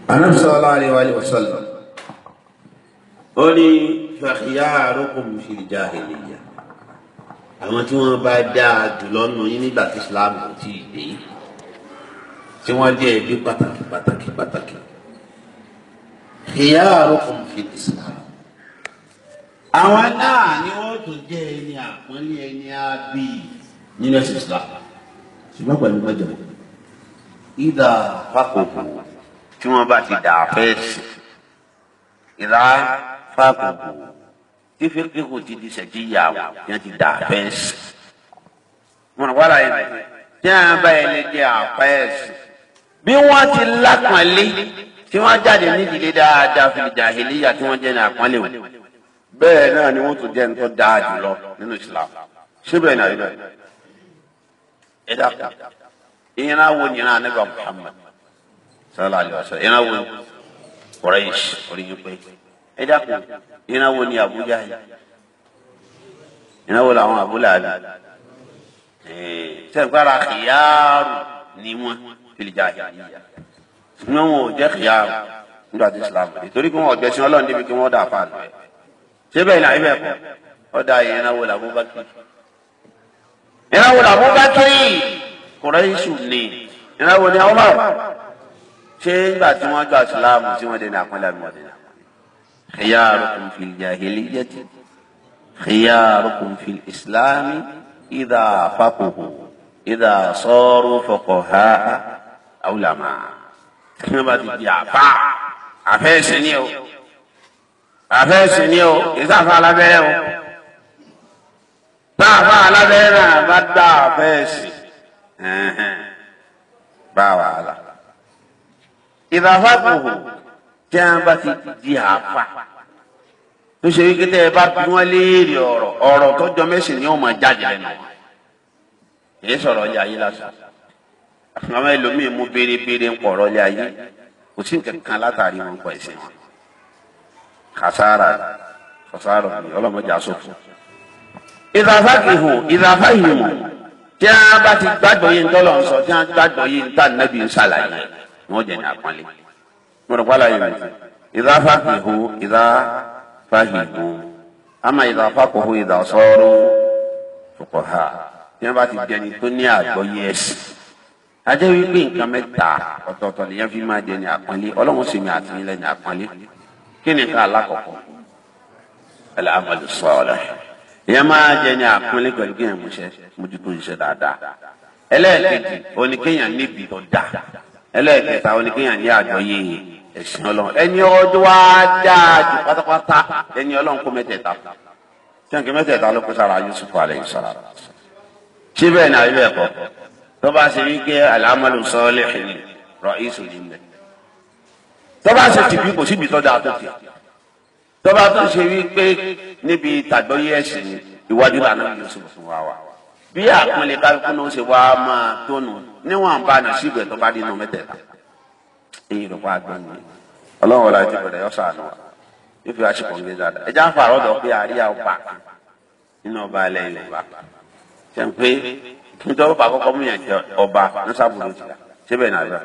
anábì sọ́lá alẹ́ wa alẹ́ wa sálámà ó ní fakhiyarukum fil jahiliyya àwọn tí wọ́n bá dáa jùlọ nù yín nígbà tí islam kò tí ì dé tí wọ́n jẹ́ ẹbí pàtàkì pàtàkì pàtàkì khiyarukum fil islam àwọn náà ni wọ́n tún jẹ́ ẹni àpọ́nlé ẹni àbí nínú ẹ̀sìn islam ṣùgbọ́n pẹ̀lú mọ́jọ́ ìdá pákòkò tí wọ́n bá ti dà fẹ́ẹ̀sì ìdá fáàkùkù tí fíkìkù ti di sẹ̀jíyà o yẹn ti dà fẹ́ǹsì. wọn wá láyé rẹ tí wọn bá yẹn lè jẹ àfẹ́ǹsì bí wọ́n ti lápọ̀nlé tí wọ́n jáde nídìílé dáadáa fi jàhílíyà tí wọ́n jẹ́ ní àpọ́nlé wọn. bẹ́ẹ̀ náà ni wọ́n tún jẹ́ ní tó dáa jùlọ nínú Islam síbẹ̀ náà ibẹ̀ ẹ dákun ìyẹn náà wo nìyẹn náà nígbà Muhammad sallallahu alaihi wasallam ìyẹn náà wo Quraysh orí yín pé ẹ dákun ìnáwó ni àbújá yìí ìnáwó làwọn àbúlà àdá sẹ́gbára kìyàrù ni wọ́n fìlìjà yìí wọ́n ò jẹ́ kìyàrù nígbà tí Islam dé torí pé wọ́n ọ̀gbẹ́sìn ọlọ́run débi kí wọ́n dà pa àná ẹ̀ ṣé bẹ́ẹ̀ náà ibẹ̀ kọ́ ọ̀dà ìnáwó làbúbákì ìnáwó làbúbákì kùrẹ́ṣù ni ìnáwó ni ọmọ ṣé nígbà tí wọ́n gba Islam tí wọ́n dé àpọ́nlẹ́ àbí wọ́n dé خياركم في الجاهلية خياركم في الإسلام إذا فقهوا إذا صاروا فقهاء أو علماء كما تدي عفا عفاسنيو عفاسنيو إذا فعل بيو لا فعل بينا بدا dá àfẹ́ẹ̀sì bá wàhálà ìdàfà kò tí a bá ti di àáfà tó ṣe wípé tẹ́ ẹ bá bí wọ́n léèrè ọ̀rọ̀ ọ̀rọ̀ tọ́jọ́ mẹ́sìn ni wọ́n máa jáde lẹ́nu èyí sọ̀rọ̀ ọjà yìí lásán àwọn ẹlòmíì mú bérebére ń pọ̀rọ̀ lé ayé kò sí nǹkan kan látàrí wọn pọ̀ ẹ̀sìn wọn kàsára kàsára ọlọ́mọdé àsopọ̀ ìdàfàkìhùn ìdàfàkìhùn tí a bá ti gbàgbọ́ yìí ń tọ́lọ̀ ń sọ tí a gbàgbọ́ yìí ń tà nábì ń ṣàlàyé wọn jẹ̀ ní àpọ́nlé. mọ̀rọ̀ pàlà yìí ìdá fàkìhù ìdá fàhìhù àmà ìdá fàkìhù ìdá ha tí wọ́n bá ti dẹni tó ní àgbọ́yé ẹ̀sìn ajẹ́ wípé nǹkan mẹ́ta ọ̀tọ̀ọ̀tọ̀ nìyẹn fi máa sì kí ni nǹkan máa kí mú ẹlẹ́ẹ̀kẹta wọn ni kéèyàn ní àjọyé ẹ̀sìn ọlọ́run ẹni ọdún wa dáa jù pátápátá ẹni ọlọ́run kó mẹ́tẹ̀ẹ̀ta sẹ́ńkì mẹ́tẹ̀ẹ̀ta ló kó sára Yusuf alayhi salam ṣé bẹ́ẹ̀ ni àyè bẹ́ẹ̀ kọ́ tó bá ṣe wípé al-amalu salih ni ra'isul jinna tó bá ṣe tìbí kò síbi tó dáa tó bá tó ṣe wípé níbi tàgbọ́yé ẹ̀sìn iwájú lànà Yusuf níwọ̀n bá nàṣíbù ẹ̀ tó bá dínú mẹ́tẹ̀ẹ̀ta èyí ló wá gbọ́n mi ọlọ́run ọ̀la ti bẹ̀rẹ̀ ọ̀sán àná yóò fi aṣọ kọ̀ọ̀gé dáadáa ẹja ń fa àrọ́dọ̀ pé àríyá ọba nínú ọba ilẹ̀ yorùbá ṣe ń pé nítorí ọba àkọ́kọ́ mú yàn jẹ ọba nísàbùrù jìlá síbẹ̀ náà rẹ̀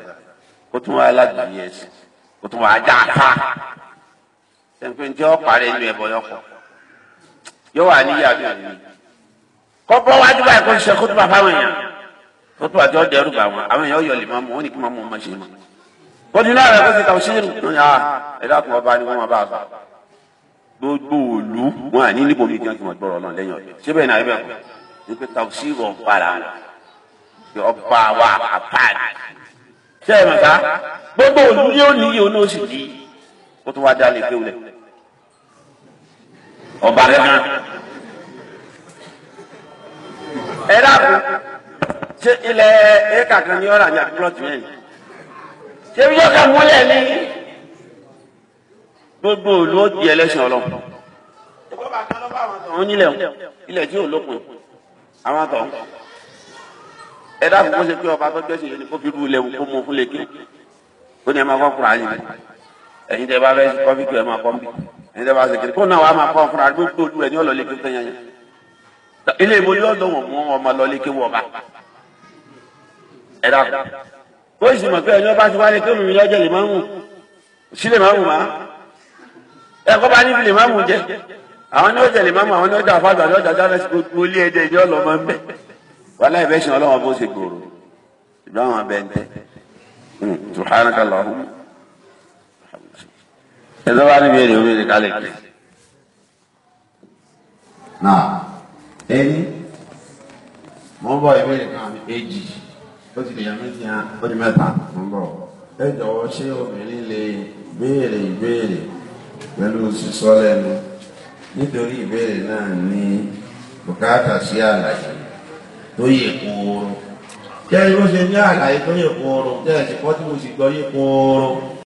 ó tún wá aládùúgbò ẹ̀sìn ó tún wá ajá àká ṣe ń pé njẹ́ ọ̀pá rẹ̀ ń ṣe kó tún otu àti ọdẹ ẹrú bàwọn àwọn èèyàn yọ lè máa mọ wọn ni kí máa ma ọmọ ṣe mọ wọn ah, ni ọ ẹgbẹ́ ọba ni wọn máa bá gbogbo olu wọn à ní níbo mi jẹun kí wọn gbọ́rọ̀ náà lẹ́yìn ọdẹ síbẹ̀ náà ẹbẹ̀ kọ ní pé wa àpáàdì gbogbo ọba ṣé ilẹ̀ éka kan ní ọ̀rà ní àpúlọ̀tì yẹn ṣé bí yọ̀ọ̀ká múlẹ̀ ní gbogbo òlu ó di ẹlẹ́sìn ọlọ́run òun nílẹ̀ ilẹ̀ tí yóò lópin àwọn àtọ̀ ẹ dáàbò kó ṣe pé ọba tó gbẹ́sìn yìí ni kó fi rú ilẹ̀ kó mú fún lèkì ó ní ẹ máa kọ́ fúnra yìí ẹ̀yin tẹ́ bá fẹ́ kọ́fí kí ẹ máa kọ́ bí ẹ̀yin tẹ́ bá ṣe kiri kó náà wàá máa kọ́ fúnra gbogbo olú ẹ̀ ní ọ̀lọ́lẹ́kẹ́ tó yẹn yẹn ilé ìbò yóò dọ̀ mú ọmọ lọ́lẹ́kẹ́ wọ̀ bá ẹ dàpọ̀ kó sì mọ̀ pé ẹni ọba ti wálé pé mímí lọ́jọ́ lè máa ń wù sí lè máa ń wù má ẹ kọ́ bá níbi lè máa ń wù jẹ àwọn ní ọjà lè máa ń àwọn ní ọjà àfáàgbà ní ọjà dáná sí gbogbo ilé ẹdẹ ìjọ lọ máa ń bẹ wàhálà ìbẹ́sìn ọlọ́wọ́n bó ṣe gbòòrò ìdá àwọn abẹ́ ń tẹ hmm, subhanakallahumma ẹ̀dọ́ bá níbi èrè omi ìdíkálẹ̀ kí. náà ẹni mo ń bọ̀ ìbéèrè kan èjì ó ti lèyàn méjì hàn ó di mẹ́ta ń bọ̀ ẹ jọ̀wọ́ ṣé obìnrin lè béèrè ìbéèrè pẹ̀lú sísọ lẹ́nu nítorí ìbéèrè náà ní bùkátà sí àlàyé tó yẹ kóró jẹ́ irú ṣe ní àlàyé tó yẹ kóró jẹ́ ẹ̀sìn kọ́ tí mo sì gbọ́ yẹ kóró.